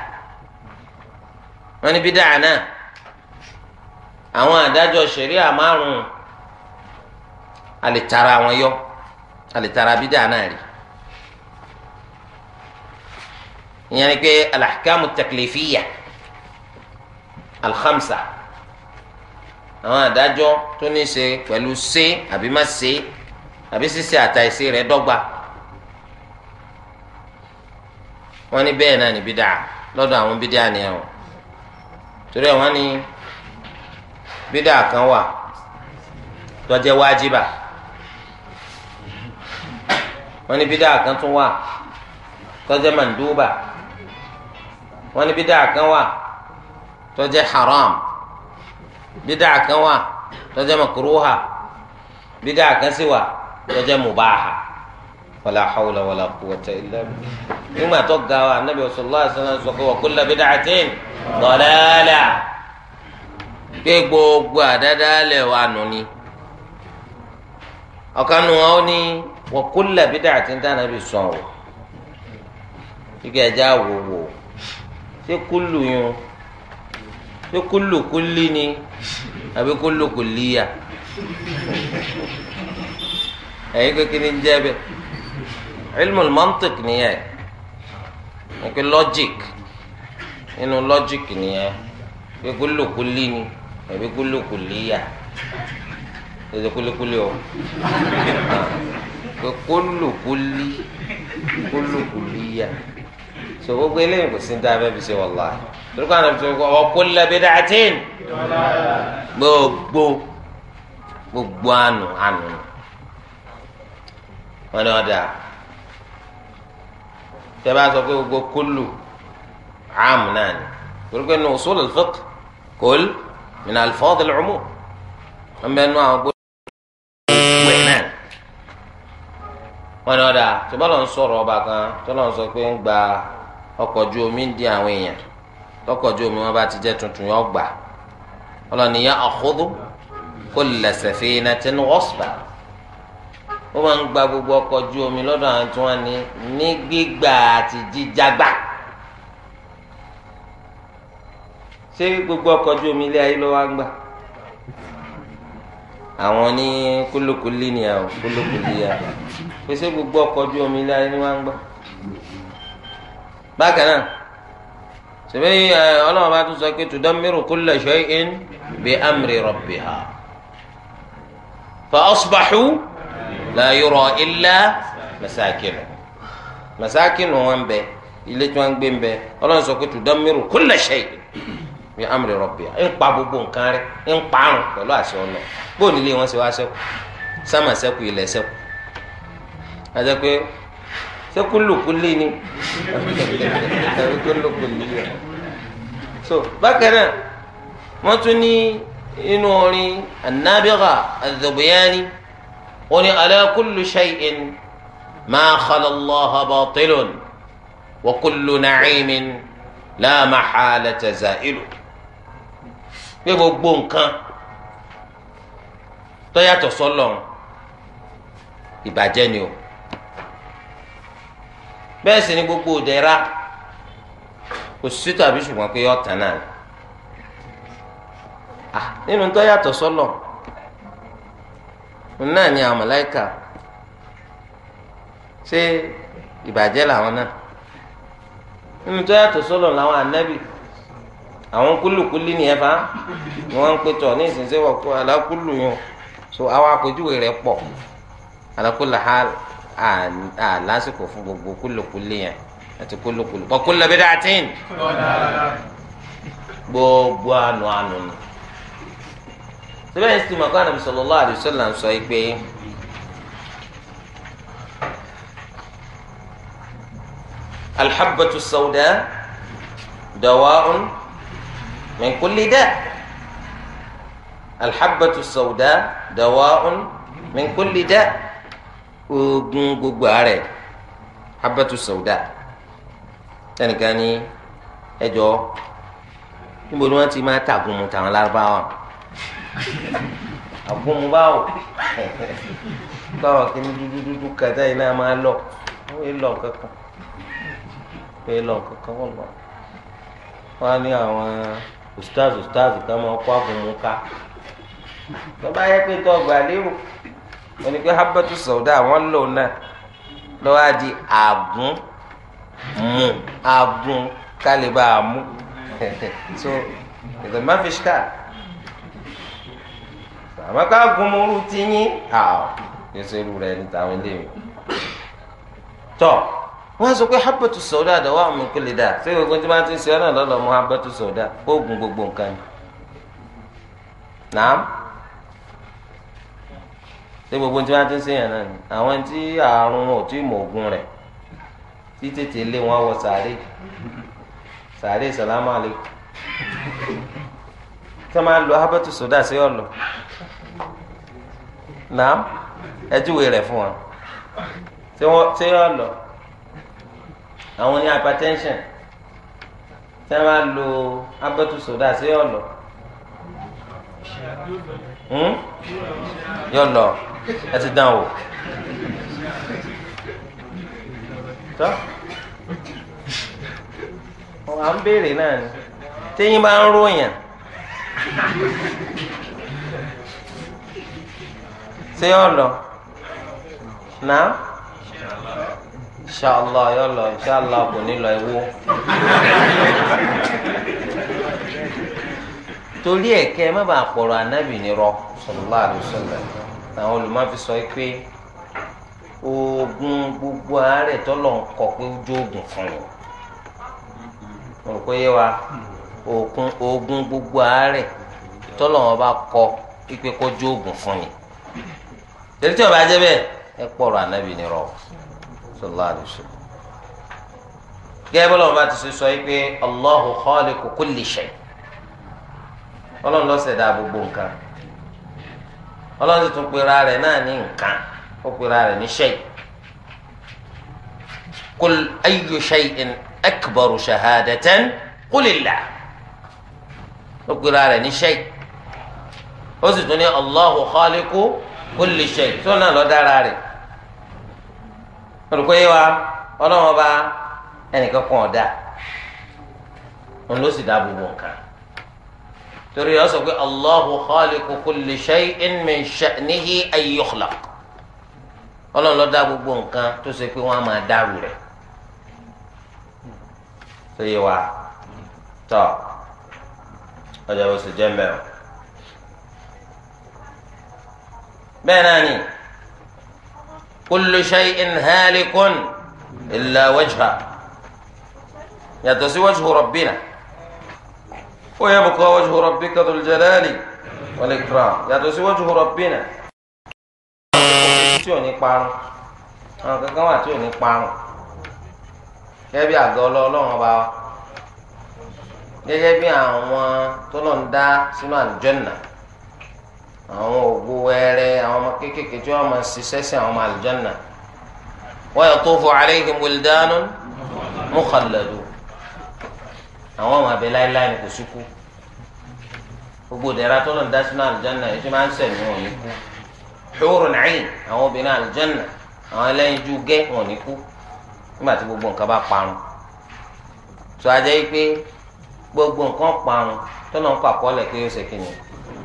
Speaker 1: من بدعنا أنا دا جو شريعة ما اللي ترى ويو اللي ترى بدعنا يعني كي الأحكام التكليفية الخمسة أنا دا تونسي ولو سي أبي ما سي أبي سي أتاي سي ردوبا wọ́n ní bẹ́ẹ̀ náà ní bídà lọ́dọ̀ àwọn bídà ni ẹ̀ o torí ẹ̀ wọ́n ní bídà kan wà tó jẹ́ wájibà wọ́n ní bídà kan tún wà tó jẹ́ mandúbà wọ́n ní bídà kan wà tó jẹ́ haram bídà kan wà tó jẹ́ makuruha bídà kan sì wà tó mubaha wàlá hawla wàlá quwwata illa billah nígbà tó ga wa anabi sallallahu alaihi wasallam sọ pé wa kullu bid'atin dalalah pé gbogbo àdádálẹ̀ wa nù ni ọ̀kan nù wọn ni wa kullu bid'atin tá anabi sọ o kíkẹ́ ẹja wò wò ṣé kúlù yun ṣé kúlù kúlì ni àbí kúlù kúlìyà ẹ̀yin kékeré ń jẹ́ ilmul mantiq nìyẹn nípa logic nínú logic nìyẹn pé kúlùkúlì ni ẹbí kúlùkúlì yà ẹsẹ kúlùkúlì o pé kúlùkúlì kúlùkúlì yà so gbogbo eléyìí kò sí ní dáa bẹ́ẹ̀ bí ṣe wallahi torí kan náà fi ọ kullu bid'atin gbogbo gbogbo àánú àánú wọn ni wọn dáa tẹ́bá sọ pé gbogbo kólù am náà ni torí pé nù usul al-fiqh kol min al-alfaz al-umum wọn bẹ nù àwọn gbogbo ìwé náà wọn ni ọ̀dà tí bọ́lá ń sọ̀rọ̀ ọba kan tó lọ́n sọ pé ń gba ọkọ̀ ju omi ń di àwọn èèyàn tọkọ̀ ju omi wọn bá ti jẹ́ tuntun yọ gbà ọlọ́ni yá akhudhu kulla safinatin ghasba ó máa ń gba gbogbo ọkọ̀ ojú omi lọ́dọ̀ àwọn tí wọ́n ní ní gbígbà àti jíjàgbá. ṣé gbogbo ọkọ̀ ojú omi ilé ayé ló wá ń gbà? àwọn ní kúlókúlí ni àwọn kúlókúlí yà ṣé gbogbo ọkọ̀ ojú omi ilé ayé ni wọ́n ń gbà? bákan náà sèbí ọlọ́run bá tún sọ pé tudammiru kulla shay'in bi amri rabbiha fa asbahu la yura illa masakinu masakinu wọn bẹ ilé tí wọn gbé ń bẹ Ọlọ́run sọ pé tudammiru kulla shay bi amri rabbiha ń pa gbogbo nǹkan rẹ̀ ń parun pẹ̀lú àṣẹ ọlọ bóun nílé wọn ṣe wá ṣẹ́kù sáma ṣẹ́kù ilẹ̀ ṣẹ́kù àti pé ṣẹ́kù lòkulè ni ṣẹ́kù lòkulè ni so bákan náà wọn tún ní inú orin anábìrà azọbìyàní ó ní ala kullu shay'in ma khala Allaha batilun wa kullu na'imin la mahalata za'ilu pé gbogbo nǹkan tó yàtọ̀ sọ́lọ̀ ìbàjẹ́ ni o bẹ́ẹ̀ sì ni gbogbo ìdẹ̀ra kò sí tàbí ṣùgbọ́n pé ọ̀tàn náà ah, nínú tó yàtọ̀ sọ́lọ̀. So náà ni àwọn màláíkà ṣé ìbàjẹ́ làwọn náà nínú tó yàtọ̀ sọ́lọ̀ làwọn ànábì àwọn kúlùkúlì nìyẹn fa ni wọ́n ń pè tọ̀ ní ìsinsìnyí wọ́n kó alákùlù yẹn so àwọn àpèjúwe rẹ̀ pọ̀ alákùlù ha àlásìkò fún gbogbo kúlùkúlì yẹn àti kúlùkúlù kọ́ kúlùbídàtín gbogbo ànú ànú ni síbẹ̀ ní sùnmọ̀ kọ́ àdàbí sallallahu alaihi wasallam sọ yìí pé alḥabbatu sawda dawa'un min kulli da' alḥabbatu sawda dawa'un min kulli da' oògùn gbogbo àárẹ̀ habatu sawda tẹnìkan ní ẹjọ́ níbo ni wọ́n ti máa tàgùn mu tàwọn lárúbáwá. àbọ̀n bá wò tọrọ kí ni dúdúdúdú kẹtẹ yìí náà máa lọ wọ́n yé lọ kankan wọ́n yé lọ kankan wọ́n lọ. wọ́n á ní àwọn ustaz ustaz kan máa kó àbùmù ká tó bá yẹ pé tó ọgbà lérò wọ́n ní pé habatu sọ̀dá àwọn lò náà lọ́wọ́ á di àbùn mu àbùn kálíbà mú so ìdè má fi ṣíkà àmọ́ ká gunmọ́rú ti yín àwọ̀ èso irú rẹ̀ ní tàwọn ilé mi. tọ́ wọ́n sọ pé habatu sọ̀dá àdáwọ̀ àmì kò lè dà ṣé oògùn tí wọ́n ti ń ṣe ọ̀nà lọ́lọ́ mu habatu sọ̀dá oògùn gbogbo nǹkan ni. nàám ṣé gbogbo tí wọ́n ti ń ṣe yẹn náà ni àwọn tí àrùn ò tí mọ̀ oògùn tí tètè lé wọn wọ sàárè sàárè sàlámù àlè tó máa lo habatu sọ̀dá sí ọ̀lọ́ naam ẹjúwe rẹ̀ fún wọn tí wọn tí yọ lọ àwọn ní hypertension tí wọn bá lo abẹ́tù soda sí yọ lọ hmm? yọ lọ ẹ ti dán o tọ́ à ń béèrè náà ni téyín bá ń ròyìn. ṣé yọ lọ náà inshallah yọ lọ inshallah kò ewu torí ẹ kẹ má bàa pọrọ anábì nírọ́ sallallahu alaihi wasallam àwọn sọ pé oògùn gbogbo ń kọ pé gbogbo bá kọ pípé fún mi. torí tí ó bá jẹ́ bẹ́ẹ̀ ẹ pọ̀rọ̀ ànábì ní rọ sallallahu alaihi wasallam gẹ́gẹ́ bọ́lá ọba ti ṣe sọ yìí pé Allahu khaliqu kulli shay ọlọ́run ló ṣẹ̀dá gbogbo nǹkan ọlọ́run sì tún pera rẹ̀ náà ní nǹkan ó pera rẹ̀ ní shay kul ayyu shay'in akbaru shahadatan kulillah ó pera rẹ̀ ní shay ó sì tún ní Allahu khaliqu ó lè ṣe tó náà lọ dára rẹ̀ olùkọ́ yé wa ọlọ́wọ́n bá ẹnìkan kan ọ̀dà òun ló sì dáàbò bò nǹkan torí ọ sọ pé Allahu khaliqu kulli shay'in min sha'nihi an yukhlaq ọlọ́run ló dá gbogbo nǹkan tó ṣe pé wọ́n á máa dárú rẹ̀ tó yé wa tọ́ ọjà bó ṣe jẹ́ mẹ́rin. bẹ́ẹ̀ náà ni kullu shay'in halikun illa wajha yàtọ̀ sí wajhu rabbina ó yẹ bùkọ́ wajhu rabbika dhul jalali wal ikram yàtọ̀ sí wajhu rabbina tí ò ní parun àwọn kankan wà tí ò ní parun gẹ́gẹ́ bí àgọ́ ọlọ́run ọba wa gẹ́gẹ́ bí àwọn tó lọ́n dá sínú àlùjànnà àwọn ògbó wẹ́rẹ́ àwọn ọmọ kéékèèké tí wọ́n máa ṣiṣẹ́ sí àwọn ọmọ àlùjánà wa yatufu alayhim wildanun mukhalladun àwọn ọmọ abẹ láéláé ni kò sí kú gbogbo ìdẹ̀ra tó lọ́n dá sínú àlùjánà yìí tí máa ń sẹ̀mí wọn ní kú hurun 'ayn àwọn obìnrin àlùjánà àwọn ẹlẹ́yinjú gẹ́ wọn ní kú nígbà tí gbogbo nǹkan bá parun tó a jẹ́ pé gbogbo nǹkan parun tó lọ́n pàkọ́lẹ̀ pé ó ṣe kìnìún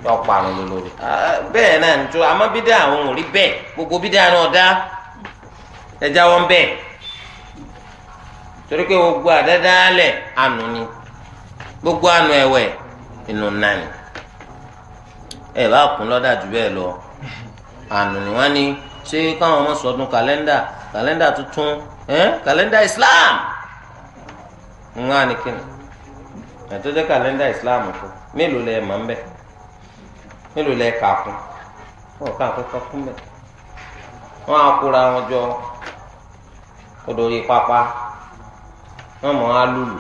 Speaker 1: yọ parun ló lórí. bẹ́ẹ̀ náà ní àmọ́ bídà àwọn ò bẹ́ẹ̀ gbogbo bídà náà dá ẹja wọn bẹ́ẹ̀ torí pé gbogbo àdádálẹ̀ ànú ni gbogbo ànú ẹ̀wẹ̀ inú ẹ bá kún lọ́dà jù bẹ́ẹ̀ lọ ànú ni wọ́n ní ṣé káwọn ọmọ kàlẹ́ndà kàlẹ́ndà tuntun kàlẹ́ndà Islam ń wá ní kíni ẹ̀ tó jẹ́ kàlẹ́ndà Islam mélòó mélòó lẹ kà kún wọn kà kọkọ kún bẹ wọn á kóra wọn jọ odò yìí pápá wọn mọ á lùlù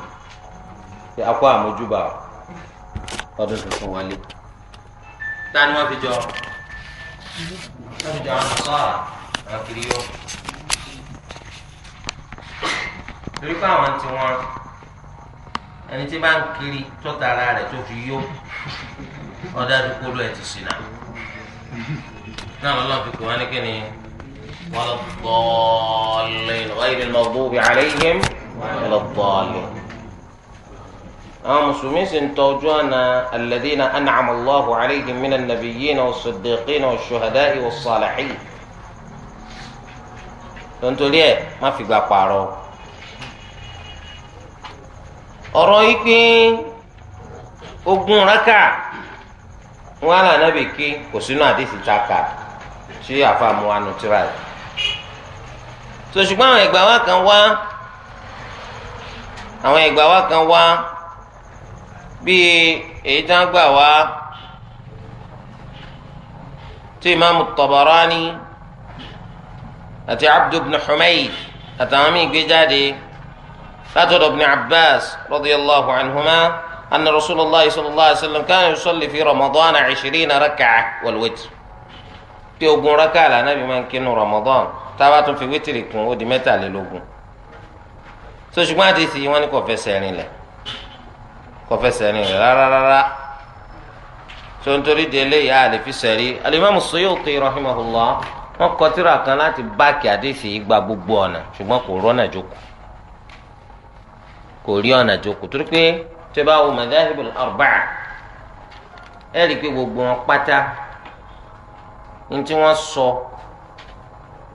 Speaker 1: pé akọ àmójúbà ọdún tuntun wọlé ta ni wọn fi jọ wọn fi jọ àwọn sọọra àwọn kiri yó torí pé àwọn tí wọn ẹni tí bá ń kiri tó tara rẹ̀ tó fi yó. ọdá dúkú ló ẹ ti sin náà náà wọn lọ fi kú wọn ni kíni wọn lọ bọọlẹ توجوانا الذين أنعم الله عليهم من النبيين والصديقين والشهداء والصالحين أنت ليه ما في بقى بارو أرويكي أقوم wọn àlà nàbì ké kò sínú àdìsí taka ṣé àfàmù wa nùtúrà yìí tó ṣùgbọ́n àwọn ẹgbàá wa kan wá àwọn ẹgbàá wa kan wá bíi èyí tí wọ́n gbà wá tí imaamu Tabarani àti Abdu ibn àtàwọn míì gbé jáde látọ̀dọ̀ ibn Abbas radiyallahu anhuma. أن رسول الله صلى الله عليه وسلم كان يصلي في رمضان عشرين ركعة والوتر pé ogún rákà lànàbí máa ń kinu Ramadan táwa tún fi wítìrì kún ó di mẹ́tàlélógún so ṣùgbọ́n àdìsí wọn ni kò fẹsẹ̀ rìn lẹ̀ kò fẹsẹ̀ rìn lẹ̀ rárárárá so nítorí délé ìyá àlè fi sẹ̀rí alimami Suyuti rahimahullah wọn kọ tírà kan láti báàkì àdìsí gba gbogbo ọ̀nà ṣùgbọ́n kò rọ́nà jókòó kò rí ọ̀nà jókòó torí pé tẹ́ bá wo madahibul arba'a ẹ rí i pé gbogbo wọn pátá ní tí wọ́n sọ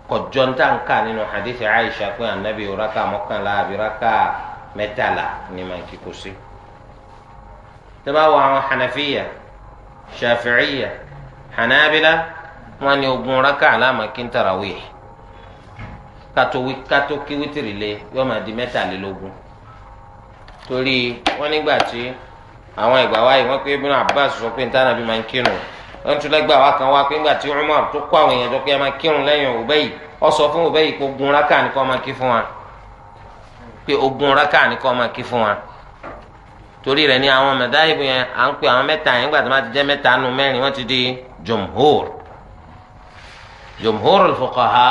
Speaker 1: kọjọ ń tàn ká nínú hadith Aisha pé anabi raka mọ́kànlá àbí raka mẹ́tàlá ni màá kí kò sí tẹ́ bá wo àwọn hanafiya shafi'iya hanabila wọ́n ní ogún raka alámakin tarawih kátó kí wítìrì lé yọọ máa mẹ́tàlélógún torí wọ́n nígbà tí àwọn ìgbà wáyé wọ́n pé Ibn Abbas sọ pé níta nàbí máa ń kírun wọ́n tún lẹ́gbà wá kan wá pé nígbà tí Umar tó kó àwọn èèyàn jọ pé ẹ máa kírun lẹ́yìn Ubayy ó sọ fún Ubayy pé ogun rákà ní kó máa kí fún wa pé ogun rákà ní kó máa kí fún wa torí rẹ̀ ni àwọn mẹdáìbù yẹn à ń pè àwọn mẹ́ta yẹn nígbà tí wọ́n ti jẹ́ mẹ́ta nu mẹ́rin wọ́n ti di jumhur jumhur al-fuqaha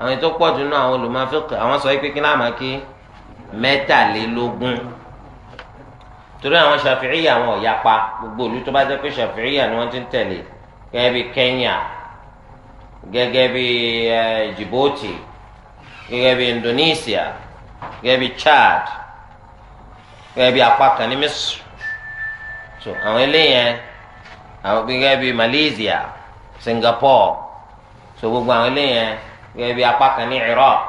Speaker 1: àwọn ètò pọ̀jù náà àwọn olùmọ̀ fiqh àwọn sọ pé kí náà máa kí mẹ́tàlélógún torí àwọn ṣàfihàn àwọn ọ̀yapa gbogbo olú tó bá jẹ́ pé ṣàfihàn ni wọ́n ti ń tẹ̀lé gẹ́gẹ́ bí Kenya gẹ́gẹ́ bí Djibouti gẹ́gẹ́ bí Indonesia gẹ́gẹ́ bí Chad gẹ́gẹ́ bí apá ní Misr so àwọn eléyẹn àwọn gẹ́gẹ́ bí Malaysia Singapore so gbogbo àwọn eléyẹn gẹ́gẹ́ bí apá ní Iraq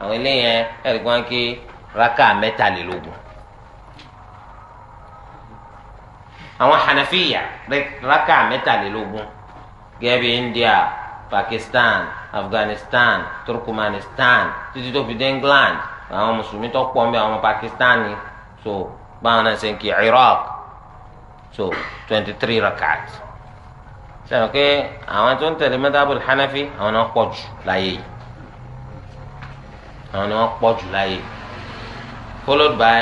Speaker 1: àwọn eléyẹn ẹ̀rí kan kí raka mẹ́tàlélógún. àwọn hanafiya rákà mẹ́tàlélógún gẹ́bí India Pakistan Afghanistan Turkmenistan títí tó fi dé England àwọn mùsùlùmí tó pọ̀ nbẹ àwọn Pakistani so báwọn náà ṣe ń kí Iraq so twenty three rakat sẹ́nu pé àwọn tó ń tẹ̀lé madhabul Hanafi àwọn náà pọ̀ jù láyé àwọn náà pọ̀ jù láyé followed by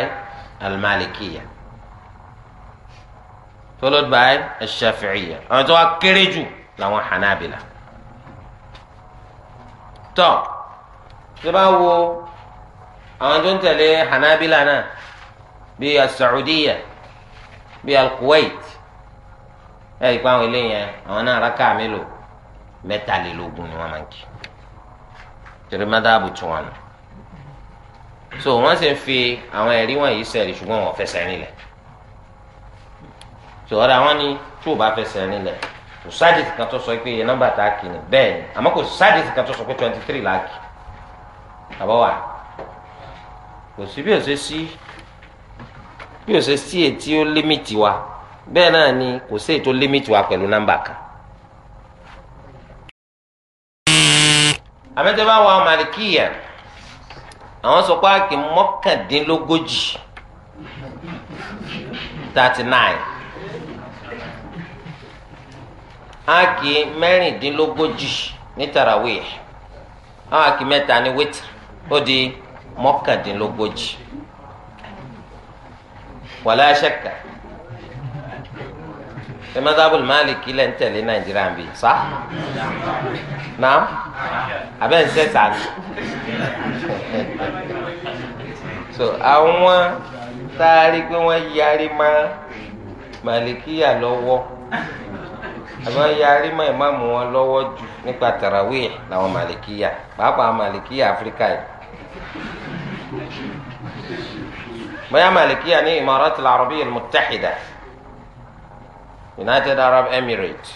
Speaker 1: al-Malikiya. al malikiya followed by ash-shafi'iyya àwọn tó wá kéré jù làwọn hanabila tọ́ tó bá wo àwọn tó ń tẹ̀lé hanabila náà bíi as-saudiya bíi al-kuwait ẹ̀ ìpá àwọn ilé yẹn àwọn náà rákà mélòó mẹ́tàlélógún ni wọ́n máa ń kí torí mádàbù tún wọn nù so wọ́n sì ń fi àwọn ẹ̀rí wọ̀nyí sẹ̀rí ṣùgbọ́n wọ́n fẹsẹ̀ rìn lẹ̀ tó ọ̀rọ̀ àwọn ni tí ò bá fẹsẹ̀ rìn lẹ̀ kò sádìsì kan tó sọ pé iye nọ́mbà tá a kì ní bẹ́ẹ̀ ni àmọ́ kò sádìsì kan tó sọ pé twenty three la kì àbọ̀ wà kò sí bí òṣè sí bí òṣè sí ètí ó límìtì wa bẹ́ẹ̀ náà ni kò sí ètò límìtì wa pẹ̀lú nọ́mbà kan. àmẹ́tẹ́ bá màlìkíyà àwọn sọ pé a kì mọ́kàndínlógójì thirty nine. áàkì mẹ́rìndínlógójì ní tarawih àwọn áàkì mẹ́ta ní wítì ó di mọ́kàndínlógójì wàlá ṣẹ́kà ẹ mọ́tàbùl máàlìkì lẹ́ ń tẹ̀lé nàìjíríà ń bì sá naam abẹ́ ń sẹ́sà ni so àwọn tá a rí pé wọ́n yarí máa màlìkì lọ́wọ́. àmọ́ yarí mọ́ ìmáàmù wọn lọ́wọ́ jù nípa tarawih làwọn màlìkíyà pàápàá màlìkíyà áfíríkà yìí bóyá màlìkíyà ní Imaratul Arabiya al-Muttahida United Arab Emirates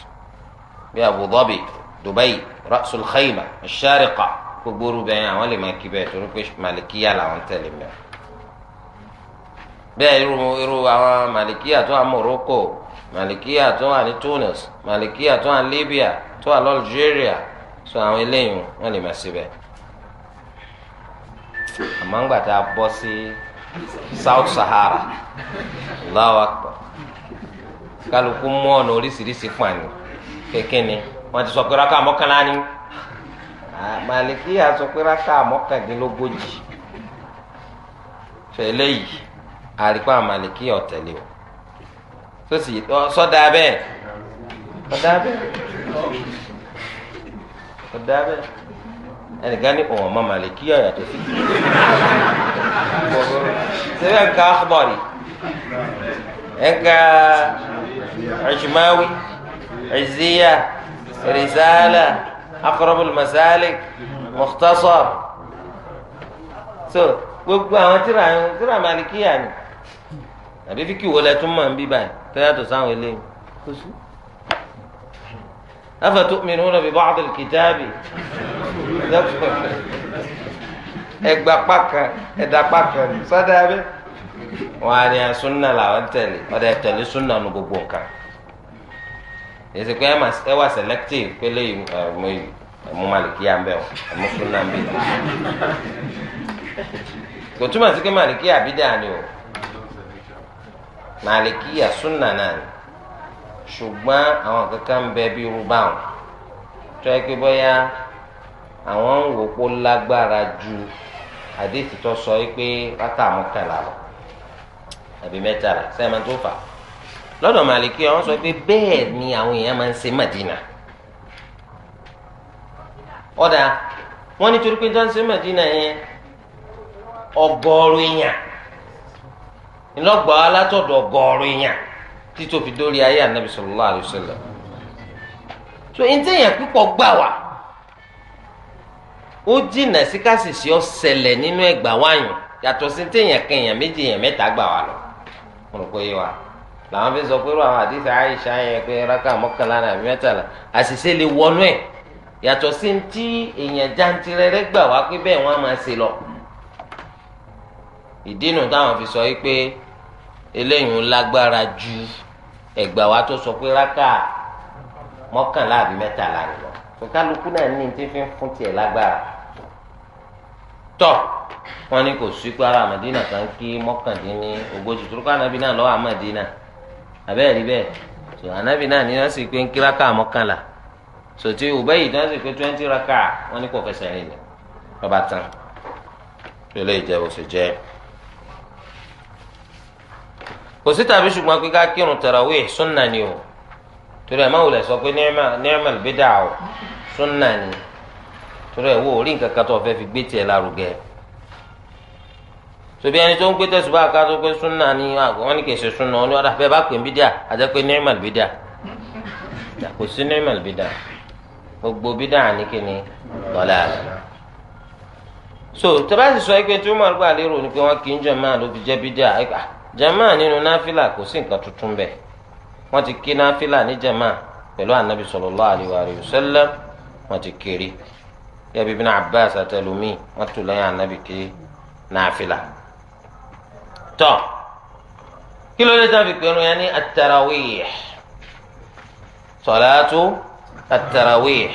Speaker 1: bí Abu Dhabi Dubai Ra'sul Khaymah al gbogbo orú bẹ́ẹ̀ àwọn lè máa kí bẹ́ẹ̀ torí pé màlìkíyà làwọn tẹ̀lé mẹ́rin bẹ́ẹ̀ irú irú àwọn màlìkíyà tó wà Morocco. malikiya tó wà ní Tunis malikiya tó wà ní Libya tó wà ní Algeria so àwọn eléyìí wọn lè máa síbẹ̀ àmọ́ ń gbà tá a bọ́ sí South Sahara Allahu Akbar kálukú mú ọ̀nà oríṣiríṣi fún àná kékeré ni wọ́n ti sọ pé rákà mọ́kànlá ni malikiya sọ pé rákà mọ́kàndínlógójì fẹ́lẹ́ yìí àríkọ́ àmàlìkíyà ọ̀tẹ̀lẹ́ o. so so si da sosi sọdaa bẹ́ẹ̀ sọdaa bẹ́ẹ̀ sọdaa bẹ́ẹ̀ ẹnìkan ní ọmọ màlìkí ọyàtọ̀ sí sẹbẹ nka akhbari nka ẹjumawi ẹziya risala akorobul masalik mukhtasar so gbogbo àwọn tíra àwọn tíra màlìkí yà ni. àbí fíkì wo lẹ tún mọ̀ ń bí báyìí tó yàtọ̀ sáwọn eléyìí kò sí. afatu'minuna bi ba'dil kitabi ẹgbà pàkà ẹ̀dà pàkà sọ́dọ̀ abẹ́ wọn á ní asúnà làwọn tẹ̀lé ọ̀dà ẹ̀tẹ̀lé súnà nu gbogbo nǹkan èsì pé ẹ wà selective pé lẹ́yìn ẹ̀mú màlìkíyà ń bẹ̀ ọ́ ẹ̀mú súnà ń bẹ̀ kò túmọ̀ sí pé màlìkíyà bí dáa ni o. maliki súnà náà ni ṣùgbọ́n àwọn kankan ń bẹ bí rúbà wọn tó yẹ bóyá àwọn ń wò pó lágbára ju àdéhìí tó sọ pé pátá mọ́kànlá lọ àbí mẹ́tàlá sẹ́yìn máa tó fà lọ́dọ̀ màlìkíyà wọ́n sọ pé bẹ́ẹ̀ ni àwọn èèyàn máa ń ṣe madina ọ̀dà wọ́n nítorí pé jọ́nsẹ́ madina yẹn ọgọ́rùn-ún èèyàn. ńlọgbà alátọ̀dọ̀ gọ̀ọ̀rọ̀ èèyàn títí òfin dórí ayé ànábì sallallahu alaihi so ntẹ̀yìn púpọ̀ gbà wá ó jìnnà sí kásìsì ọ̀sẹ̀lẹ̀ nínú ẹgbà wáyùn yàtọ̀ sí ntẹ̀yìn kan èèyàn méjì èèyàn mẹ́ta gbà wá lọ mo rò pé yé wa làwọn fi sọ pé àwọn àdìsí àyíṣà yẹn pé rákà mọ́kànlá nàbí mẹ́tàlá àṣìṣe lè wọnú ẹ̀ yàtọ̀ sí ntí èèyàn jantirẹrẹ gbà wá pé bẹ́ẹ̀ wọ́n máa ṣe lọ ìdínú táwọn fi sọ yìí pé eléyìí ń lágbára ju ẹgbà wa tó sọ pé rákà mọ́kànlá àbí mẹ́tàlá nìyọ kálukú náà ní tí fi ń fún tiẹ̀ lágbára tọ́ wọ́n ní kò sí pé ara àmàdínà kan kí mọ́kàndínní ogójì tó kọ́ ànábì náà lọ́wọ́ àmàdínà àbẹ́ẹ̀ rí bẹ́ẹ̀ tó ànábì náà ní wọ́n sì pé ń kí rákà mọ́kànlá sòtí òbẹ́yìí tí wọ́n sì pé twenty rákà wọ́n ní kò fẹsẹ̀ rìn lọ bàbá tán ilé ìjẹ́bù sì jẹ́ kò sí tàbí ṣùgbọ́n pé ká kírun tarawih sunna ni o torí ẹ̀ má wulẹ̀ sọ pé ni'mal bid'a o sunna ni torí ẹ̀ wo orí nǹkan kan tó fẹ́ fi gbé tiẹ̀ lárugẹ sobi ẹni tó ń gbé tẹ̀sùn bá ká tó pé sunna ni wọ́n ní kì í ṣe sunna wọn ni wọ́n dà bẹ́ẹ̀ bá pè ń bídà àti pé ni'mal bid'a kò sí ni'mal bid'a gbogbo bídà ní kíni lọ́la àlọ́ so tọ́ba sì sọ pé tí wọ́n máa gbà lérò ni pé wọ́n kì í jọ jama nínú náfìlà kò sí nǹkan tuntun bẹ́ẹ̀ wọ́n ti kí náfìlà ní jama pẹ̀lú anabi sallallahu alaihi wa sallam wọ́n ti kiri gẹ́gẹ́ bí Abbas àtẹlómi wọ́n tù lẹ́yìn anabi kí náfìlà. tọ́ kí ló dé tán fi pẹ̀lú yẹn ní at-tarawih salatu at-tarawih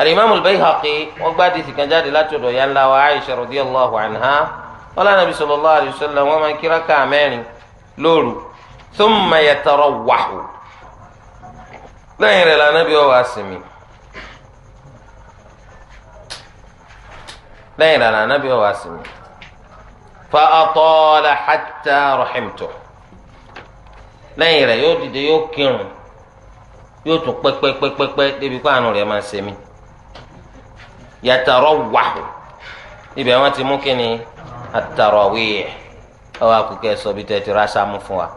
Speaker 1: al-imam gbá dìsì kan jáde láti ọ̀dọ̀ yẹn ńlá Aisha radiyallahu anha wọn lànà bí sallallahu alaihi wasallam wọn máa ń kíra ká mẹ́rin lóru thumma yatarawwahu lẹ́yìn rẹ̀ lànà bí wọn wà sinmi lẹ́yìn rẹ̀ lànà bí wọn wà sinmi fa atala hatta rahimtu lẹ́yìn rẹ̀ yóò dìde yóò kírun yóò tún pẹ́pẹ́pẹ́pẹ́ débi pé àánú rẹ̀ máa ṣe mí yàtàrọ̀ wà ibẹ̀ wọ́n ti mú kí at-tarawih ọwọ́ akókè sọ bí tẹ́ ti rà sámú fún wa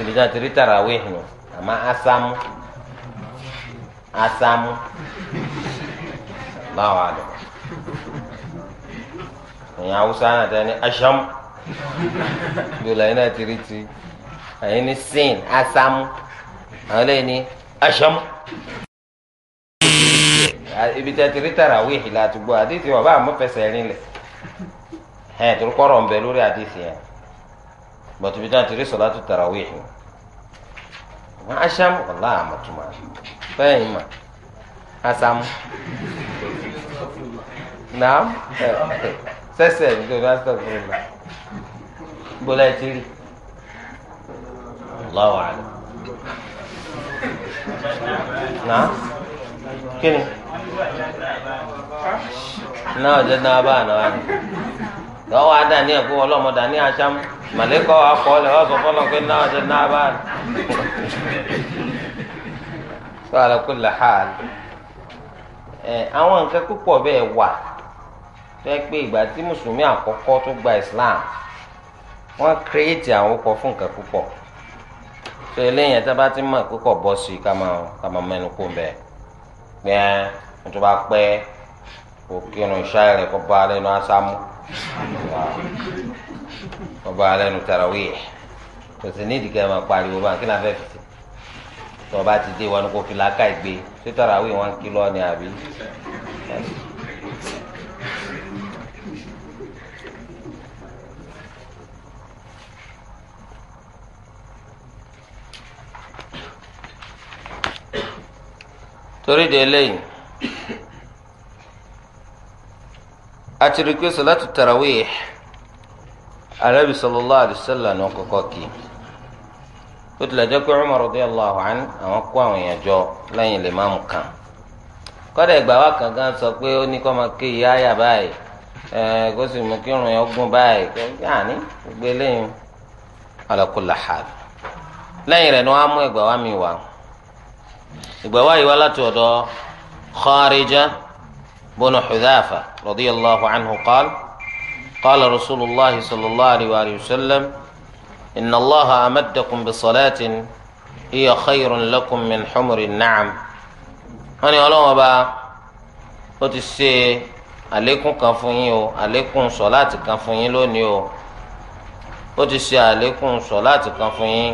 Speaker 1: ibi tí a ti rí tarawih nù àmọ́ asámú asámú báwa lọ ẹ̀yin haúsá náà tẹ́ ní asámú yóò lẹ́yìn náà ti rí ti ẹ̀yin ní sin asámú àwọn lẹ́yìn ní asámú ibi tí a ti rí tarawih la àtúgbò àdéhùn ọba àmọ́fẹsẹ̀ rinlẹ̀ ẹ torí kọ́rọ̀ ń bẹ lórí àdìsí yẹn gbọ̀tùbí náà ti rí sọ̀lá tó tarawih wọn aṣáàmù ọ̀la àmọ̀túmọ̀ bẹ́ẹ̀ ni mà aṣáàmù náà sẹ́sẹ̀ nítorí aṣáàmù gbọ́dọ̀ ẹ ti rí Allahu a'lam náà kí ni. na ọjọ́ náà bá àná wa ni lọ́wọ́ adání ẹ̀kú ọlọ́mọdà ní aṣáájú màlẹ́kọ̀ akọọ́lẹ̀ ọ̀sọ̀ fọlọ́ pé náà ọjọ́ náà bá àná. sọ àlọ́kùn làhàl ẹ̀ àwọn nǹkan púpọ̀ bẹ́ẹ̀ wà fẹ́ pé ìgbà tí mùsùlùmí àkọ́kọ́ tó gba Islam wọ́n kírètì àwọn ọkọ̀ fún nǹkan púpọ̀ tó eléyìí ẹ̀ta bá ti mọ̀ bọ́ sí i ká máa mẹ́nu kó kò kírun ìṣáì rẹ̀ kó bá a lẹ́nu ásámú kó bá a lẹ́nu tarawih kò sì ní ìdíkẹ́ máa pariwo bá kí ni a fẹ́ fi tó o bá ti dé wọn kó fi láká ìgbé ṣé tarawih wọn kí lọ́ọ̀ ni àbí. torí de eléyìí àti rí i pé sọlátù tarawih arábì sallallahu alaihi wasallam ní kọ́kọ́ kì í ó tilẹ̀ jẹ́ pé Umar radiyallahu anhu àwọn kó àwọn èèyàn jọ lẹ́yìn lè má mú kàn kọ́dà ìgbà wa kan gan sọ pé ó ní kọ́ máa ké ìyá àyà báyìí kó sì mú kí irun yẹn gún báyìí kó yàní gbogbo eléyìí ala kulli hal lẹ́yìn rẹ̀ ni wọ́n á mú ìgbà wa mi wá ìgbà wa yìí wá láti ọ̀dọ̀ Kharija. بن حذافة رضي الله عنه قال قال رسول الله صلى الله عليه وسلم إن الله أمدكم بصلاة هي خير لكم من حمر النعم wọ́n ní ọlọ́run ọba ó ti ṣe àlékún kan fún yín o àlékún sọ̀láàtì kan fún yín lónìí o ó ti ṣe àlékún sọ̀láàtì kan fún yín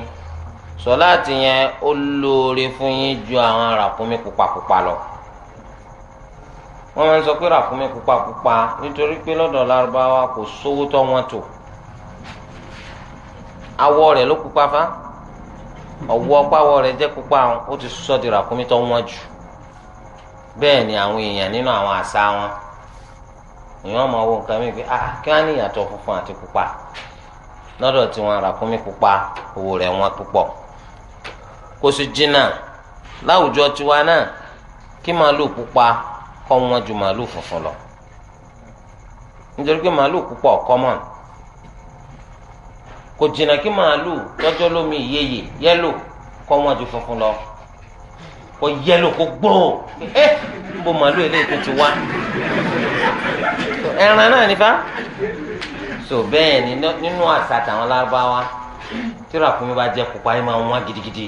Speaker 1: sọ̀láàtì yẹn ó lóore fún yín ju àwọn ràkúnmí pupapupa lọ wọ́n máa ń sọ pé ràkúnmí pupa pupa nítorí pé lọ́dọ̀ lárúbáwá kò sówó tọ́ wọn tò awọ rẹ̀ ló pupa fá ọwọ́ pàwọ́ rẹ̀ jẹ́ pupa àwọn ó ti sọ di ràkúnmí tọ́ wọn jù bẹ́ẹ̀ ni àwọn èèyàn nínú àwọn àṣà wọn èèyàn máa wo nǹkan mi pé ah kí wọ́n á ní ìyàtọ̀ funfun àti pupa lọ́dọ̀ tí wọ́n ràkúnmí pupa owó rẹ̀ wọ́n púpọ̀ kò sì jìnnà láwùjọ tiwa náà kí màálù pupa kọ́ wọn ju màálù funfun lọ nítorí pé màálù púpọ̀ kọ́mọ̀n kò jìnnà kí màálù lọ́jọ́ lómi ìyeyè yẹ́lò kọ́ wọn ju funfun lọ kò yẹ́lò kò gbòò ẹ́ níbo màálù eléyìí tó ti wá ẹran náà nífa so bẹ́ẹ̀ ni nínú àṣà tàwọn lárúbáwá tíra kùnmi bá jẹ pupa yìí máa ń wá gidigidi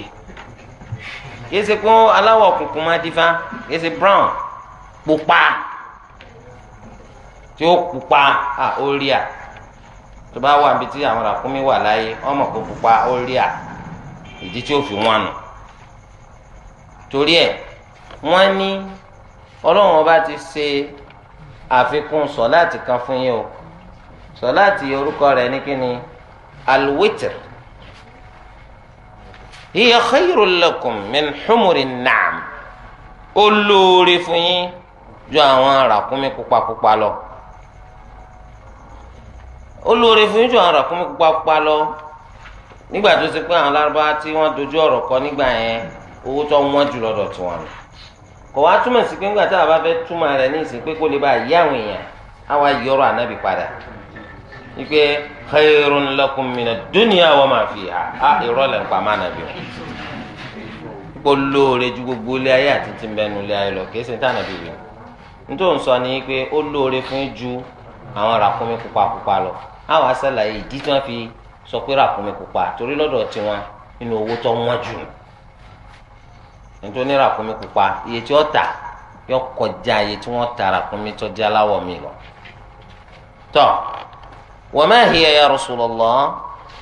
Speaker 1: yéé ṣe kó aláwọ̀ kùnkùn máa dífá yéé ṣe brown pupa tí ó pupa à ó rí à tó bá wà níbi tí àwọn ràkúnmí wà láyé ọmọ kó pupa ó rí à ìdí tí ó fi wọn nù torí ẹ wọn ní ọlọ́run ọba ti ṣe àfikún sọ̀láàtì kan fún yín o sọ̀láàtì orúkọ rẹ̀ ní kí ni alwitr hiya khayrun lakum min humuri na'am ó fún yín ju àwọn ràkúnmí pupapupa lọ olóore fún ju àwọn ràkúnmí pupapupa lọ nígbà tó ti pé àwọn lárúbáwá tí wọ́n dojú ọ̀rọ̀ kọ nígbà yẹn owó tó wọ́n jù lọ́dọ̀ tí wọ́n lọ kò wá túmọ̀ sí pé nígbà tá a bá fẹ́ túmọ̀ rẹ̀ ní ìsìn pé kó lè bá yí àwọn èèyàn á wá ànábì padà wípé khairun lakum mina dunya wa ma fiha á irọ́ lẹ̀ ń pa má nàbí o kó lóore ju gbogbo ilé ayé àti tìǹbẹ̀nu ilé ayé lọ kì í ṣe tá nítorí sọ ni pé ó lóore fún ju àwọn ràkúnmí pupa pupa lọ àwọn asàlàyé ìdí tí wọn fi sọ pé ràkúnmí pupa torí lọ́dọ̀ tiwọn nínú owó tó wọ́n jù nítorí ràkúnmí pupa iye tí wọ́n tà yọ kọjá iye tí wọ́n tà ràkúnmí tó di aláwọ̀ mi lọ. tọ wa ma hiya ya Rasulullah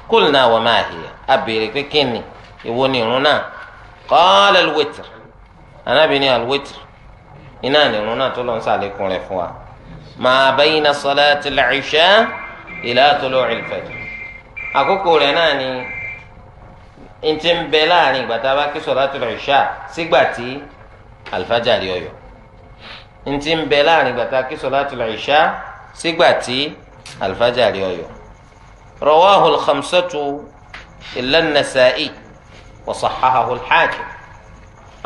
Speaker 1: qulna wa ma hiya a béèrè pé kí ni ni irun náà qala al-witr Ànábì ní iná nìrún náà tó lọ ń sàlékún rẹ̀ fún wa ma bayna salati al-isha ila tulu'i al-fajr àkókò rẹ̀ náà ni n ti ń bẹ láàrin ìgbà tá a bá kí salati al-isha sígbà tí al-fajari yọ n ti ń bẹ láàrin ìgbà tá a kí salati al-isha sígbà tí al-fajari yọ rawahu al-khamsatu illa an-nasa'i wa sahhahahu al-hakim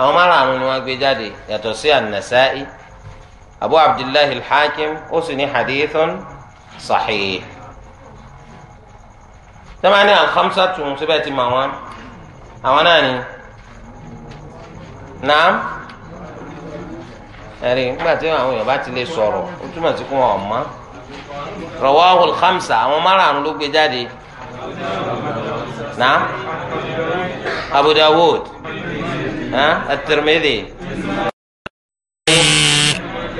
Speaker 1: àwọn márààrún ni wọ́n gbé jáde yàtọ̀ sí an-Nasa'i abu abdullahi al-Hakim ó sì ní hadithun sahih tẹ́mání al-khamsa tún síbẹ̀ ti mọ̀ wọ́n àwọn náà ni naam ẹ̀rí nígbà tí àwọn èèyàn bá ti lè sọ̀rọ̀ ó túmọ̀ sí fún wọn ọ̀mọ́ rawahu al-khamsa àwọn márààrún ló gbé jáde. نعم أبو داود ها الترمذي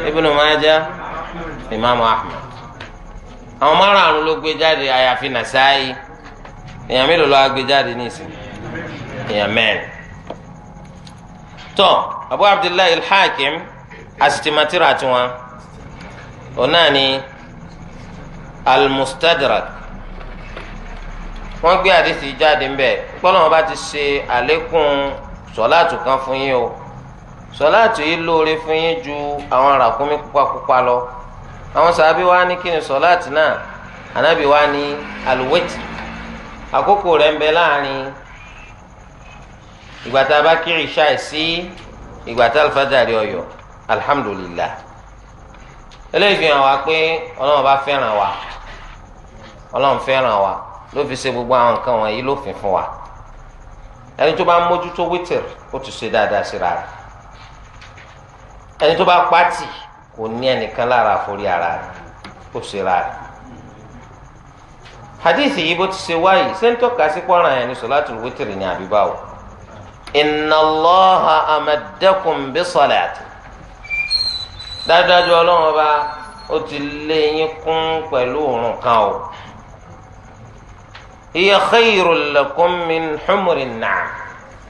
Speaker 1: ابن ماجه إمام أحمد àwọn márùn-ún ló gbé jáde àyàfi nàṣáì èèyàn mélòó ló wá gbé jáde nísìn èèyàn mẹ́rin tọ́ abu abdullahi alhakim asitimatira tiwọn ọ̀nà ni almustadrak wọ́n gbé àdìsí jáde ń bẹ̀ gbọ́dọ̀ wọn bá ti ṣe àlékún sọ̀láàtù kan fún yín o sọ̀láàtù yìí lóore fún yín ju àwọn ràkúnmí pupapupa lọ àwọn sàbí wa ní kí ni sọ̀láàtù náà ànábì wa ní àlùwẹ̀tì àkókò rẹ̀ ń bẹ láàrin ìgbà tá a bá kiri ṣáì sí ìgbà tá alifájàre ọyọ alihamudulilah eléyìí fi hàn wá pé ọlọ́run bá fẹ́ràn wa ọlọ́run fẹ́ràn wa ló fi ṣe gbogbo àwọn nǹkan wọ̀nyí lófin fún wa ẹni tó bá ń mójútó wítìr ó ti ṣe dáadáa síra rẹ̀ ẹni tó bá pàtì kò ní ẹnìkan lára àforí ara rẹ̀ ó ṣe ra rẹ̀ hadith yìí bó ti ṣe wáyé sẹ́ńtọ́ kà sí pọ́nrán ẹni sọ̀látùl wítìr ní àbíbáwò inna Allaha amaddakum bí salati dájúdájú ọlọ́run ọba ó ti lé yín kún pẹ̀lú òórùn kan o. hiya khayrun lakum min humurin na'am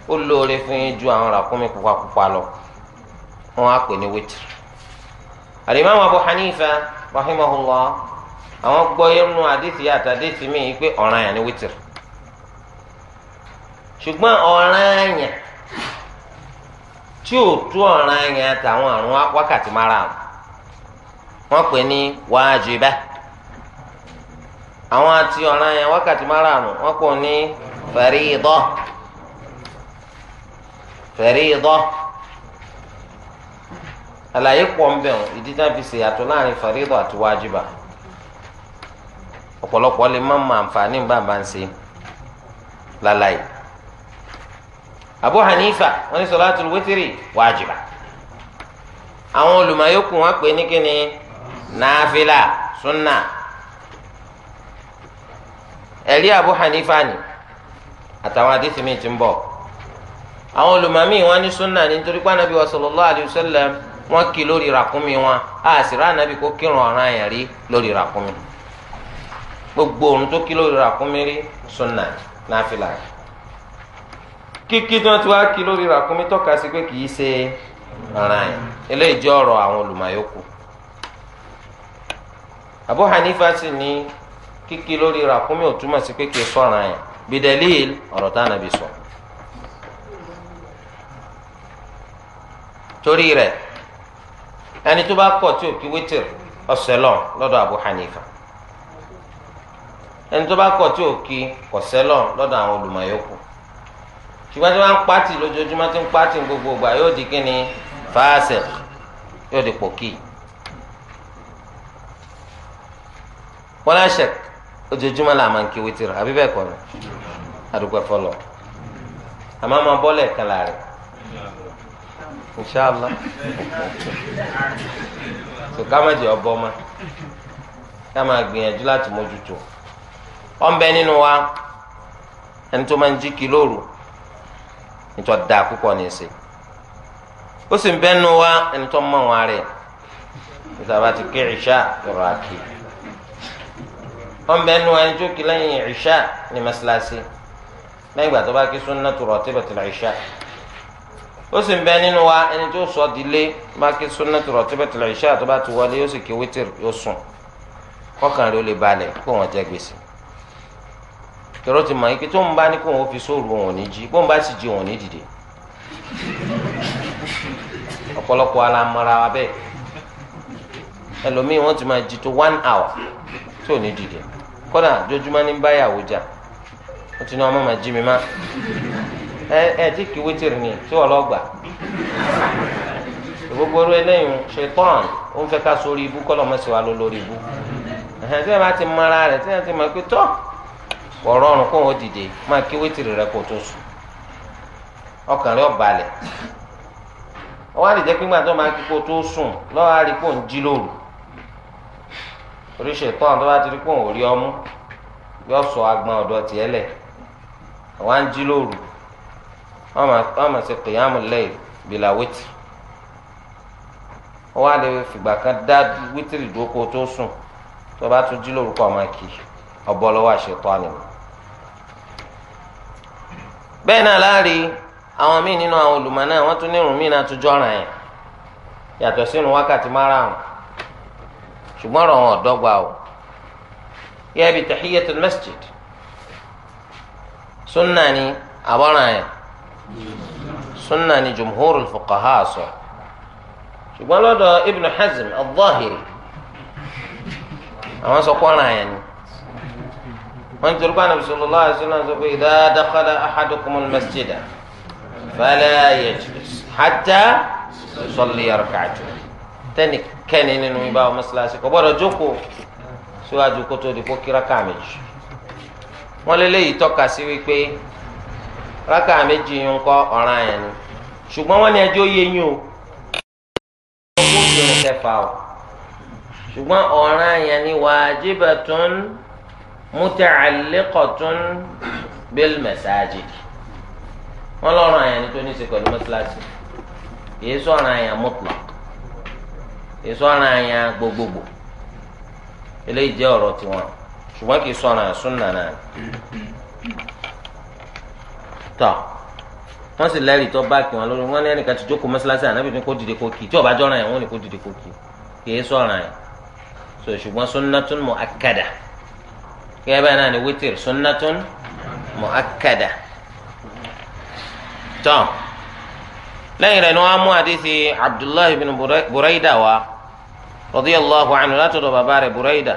Speaker 1: ó lóore fún yín ju bụ ràkúnmí pupapupa lọ àwọn gbọ́ yẹnu àdìsí àtàdìsí mi yìí pé ọ̀ràn yẹn ní wítìrì ṣùgbọ́n ọ̀ràn yẹn tí ò tú ọ̀ràn àtàwọn àrùn wákàtí wọ́n pè ní àwọn àti ọ̀ràn yẹn wákàtí márààrún wọn kò ní fẹ̀ríìdọ́ fẹ̀ríìdọ́ àlàyé pọ̀ ń bẹ̀ wọ́n ìdí náà fi ṣèyàtọ̀ láàrin fẹ̀ríìdọ́ àti wájibà ọ̀pọ̀lọpọ̀ lè má mọ àǹfààní bàbá ń ṣe lálàyé Abu Hanifa wọn ní sọláàtù wítìrì wájibà àwọn olùmọ̀ yòókù wọn pè é ní kíni náfìlà súnà. ẹ̀rí Abu Hanifa ni àtàwọn àdìsí mi ti ń bọ̀ àwọn olùmọ̀mí wọn ní súnà ní nítorí pé anabi wa sallallahu alayhi wa sallam wọn kì a sì rá anabi kó kírun ọ̀ràn yẹn rí lórí gbogbo òun tó kí lórí ràkúnmí rí sunna náfìlà kíkí tí wọn ti wá kí lórí ràkúnmí tọ́ka sí pé kì í ṣe ọ̀ràn kíkí lórí ràkúnmí ò túmọ̀ sí pé kí sọ̀ràn yẹn bidẹ́líl ọ̀rọ̀ tá sọ. torí rẹ ẹni tó bá pọ̀ tí ò kí Abu Hanifa ẹni tó bá kọ̀ tí ò kí ọ̀sẹ̀ lọ lọ́dọ̀ àwọn ṣùgbọ́n tí wọ́n ń pàtì lójoojúmọ́ tí gbogbo yóò di kí ni fàásẹ̀ yóò di ojoojúmọ́ la máa ń kí wítìrì àbí bẹ́ẹ̀ kọ́ ni àdúgbò ẹ̀fọ́lọ́ àmọ́ kan láàrin inṣàlá tó ká má jẹ́ ọbọ ma ká máa gbìyànjú láti mójútó ọ̀nbẹ nínú wa ẹni tó máa ń jí kí lóru nítorí da púpọ̀ ní í ó sì ń bẹ́ẹ̀ nínú wa ẹni tó mọ̀ wọn rẹ̀ wọn bẹ nu ẹni tó kí lẹ́yìn ìṣá ní mẹsàlásì lẹ́yìn ìgbà tó bá kí súnà tó rọ tẹbẹ tó lọ ìṣá ó sì ń bẹ nínú wa ẹni tó sọ dílé bá kí súnà tó rọ tẹbẹ tó lọ ìṣá tó bá ti wọlé ó sì kí wítìrì ó sùn kọkàn rẹ ó lè balẹ̀ kó wọn jẹ gbèsè tọrọ ti mọ ike tó ń bá ní kó wọn fi sóòrù wọn ní jí bó ń bá sì jí wọn ní dìde ọ̀pọ̀lọpọ̀ alamọra wa ẹlòmíì wọ́n ti máa jí tó one hour tí ò ní dìde. kódà dojúmọ́ ní báyàwó jà ó ti ọmọ màá jí mi má ẹ ẹ ni tí wọ́n lọ gbà gbogbo orí ẹlẹ́yìn ṣetán ó ń fẹ́ ká sórí ibú kọ́ lọ́mọ́sí wa ló lórí ibú tí ara rẹ̀ tí wọ́n ti pé tọ́ kó dìde máa kí wítìrì rẹ̀ kó tó sùn ọkàn rẹ̀ wọ́n á lè jẹ́ pé máa kí kó oríṣi ìtọ́n tó bá ti rí pọ̀ òun rí ọmú yọ sọ agbọn ọ̀dọ̀ tiẹ̀ lẹ̀ àwọn á ń jí lóru wọ́n máa ṣe kìyàmù lẹ́yìn bìlà wítìrì wọ́n á lè fìgbà kan dá wítìrì dúró tó sùn tó bá tún jí lóru kọ́ máa kì í ọ̀bọ lọ́wọ́ àṣetọ́ àná. bẹ́ẹ̀ náà láàrin àwọn míì nínú àwọn olùmọ̀ náà wọ́n tún ní irun míì náà tún jọ́ràn yẹn yàtọ̀ sínú wákàtí márùn-ún ṣùgbọ́n ọ̀rọ̀ wọn ọ̀dọ́gba o yẹ bi tó masjid sunna ni àbọ̀ràn yẹn sunna ni jumhurul fuqaha sọ ṣùgbọ́n lọ́dọ̀ ibn hazim ọ̀dọ́hìrì àwọn sọ kọ́ran yẹn ni wọ́n tẹ̀lé ti rúbá nàbì sallallahu alaihi wasallam sọ pé idha dakhala fẹlẹ yẹ fala yajlis sọlẹ yàrá rak'atayn. tẹnikẹ́ni nínú yín bá wọn mọ́ṣáláṣí kò gbọ́dọ̀ jókòó síwájú kótó dìbò kí rákà méjì wọn léléyìí tọ́ka sí wípé rákà méjì yín kọ́ ọ̀ràn yẹn ni ṣùgbọ́n wọn ní ẹjọ́ yé yín o wọn kó kẹfà o ṣùgbọ́n ọ̀ràn yẹn ni wàjíbàtún muta'alliqatun bil masajid wọn lọ́rọ̀ àyàn ni tó ní í ṣe pẹ̀lú mọ́ṣáláṣí kì í sọ̀rọ̀ àyàn ìsọ̀ràn àyàn gbogbogbò eléyìí jẹ́ ọ̀rọ̀ tiwọn ṣùgbọ́n kì í sọ̀ràn àsúnà náà tọ̀ wọ́n sì lẹ́rìí tó báàkì wọn lórí wọn lẹ́rìí kan ti jókòó mọ́ṣáláṣí ànábì ní kó dìde kó kì í tí ọ̀bá jọ́ràn yẹn wọ́n ní kó dìde kó kì í kì í sọ̀ràn yẹn so ṣùgbọ́n sunnatun mu'akkada gẹ́gẹ́ bẹ́ẹ̀ náà ni wítìrì sunnatun mu'akkada tọ́ lẹ́yìn rẹ̀ ni wọ́n á mú àdìsí Abdullahi bin Burayda wa radiyallahu anhu látọ̀dọ̀ bàbá rẹ̀ Burayda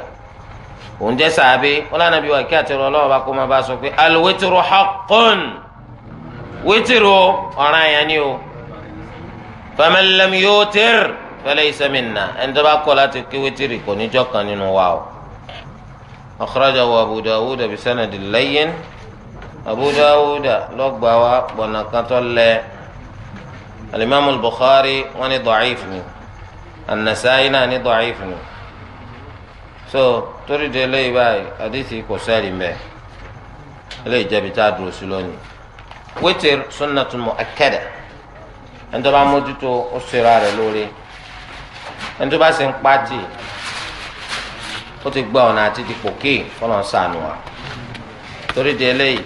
Speaker 1: òun jẹ́ sàbẹ̀ wọn lànà bí wà kí àti ọlọ́wọ́ bá kó máa bá sọ pé alwitru haqqun witru ọ̀ràn yẹn ni o faman lam yutir falaysa minna ẹni tó bá kọ̀ láti kí witiri kò ní jọ́ kan nínú wa o. akhrajahu Abu Dawud bi sanadin layyin Abu Dawud lọ́gbàá wa gbọ̀nà kan lẹ̀ alimami Bukhari wọ́n ní da'if An-Nasa'i náà ní da'if ni so torí de eléyìí báyìí àdìsí kò sẹ́ẹ̀lì mbẹ́ eléyìí jẹ́bi tá a dúró sí lónìí wítìr sunnatun mu'akkada ẹni tó bá mójútó ó ṣèrà rẹ̀ lórí ẹni tó bá sì ń pàtì ó ti gba ọ̀nà àti dìpọ̀ kéè kọ́nà sànù wa torí de eléyìí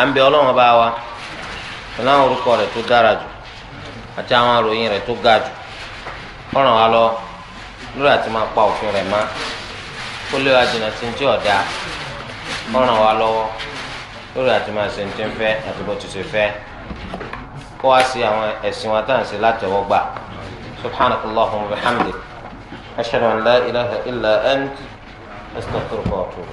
Speaker 1: à ń bẹ ọlọ́wọ́n bá wa ọlọ́wọ́n orúkọ rẹ̀ tó dára jù àti àwọn àròyìn rẹ̀ tó ga jù ọ̀ràn wa lọ lórí àti máa pa òfin rẹ̀ má kó lè wa jìnnà tí ń tí ọ̀dà ọ̀ràn wa lọ́wọ́ lórí àti máa ṣe ń tí ń fẹ́ àti bó ti ṣe fẹ́ kó wá sí àwọn ẹ̀sìn wa tá à ń ṣe látẹ̀wọ́gbà subhanakallahumma wa bihamdik ashhadu an la ilaha illa ant astaghfiruka wa atubu.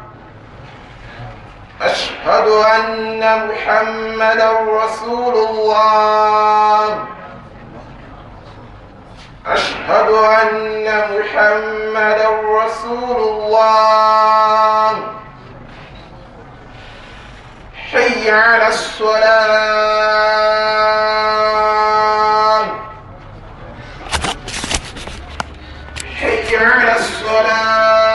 Speaker 1: أشهد أن محمدا رسول الله أشهد أن محمدا رسول الله حي على الصلاة حي على الصلاة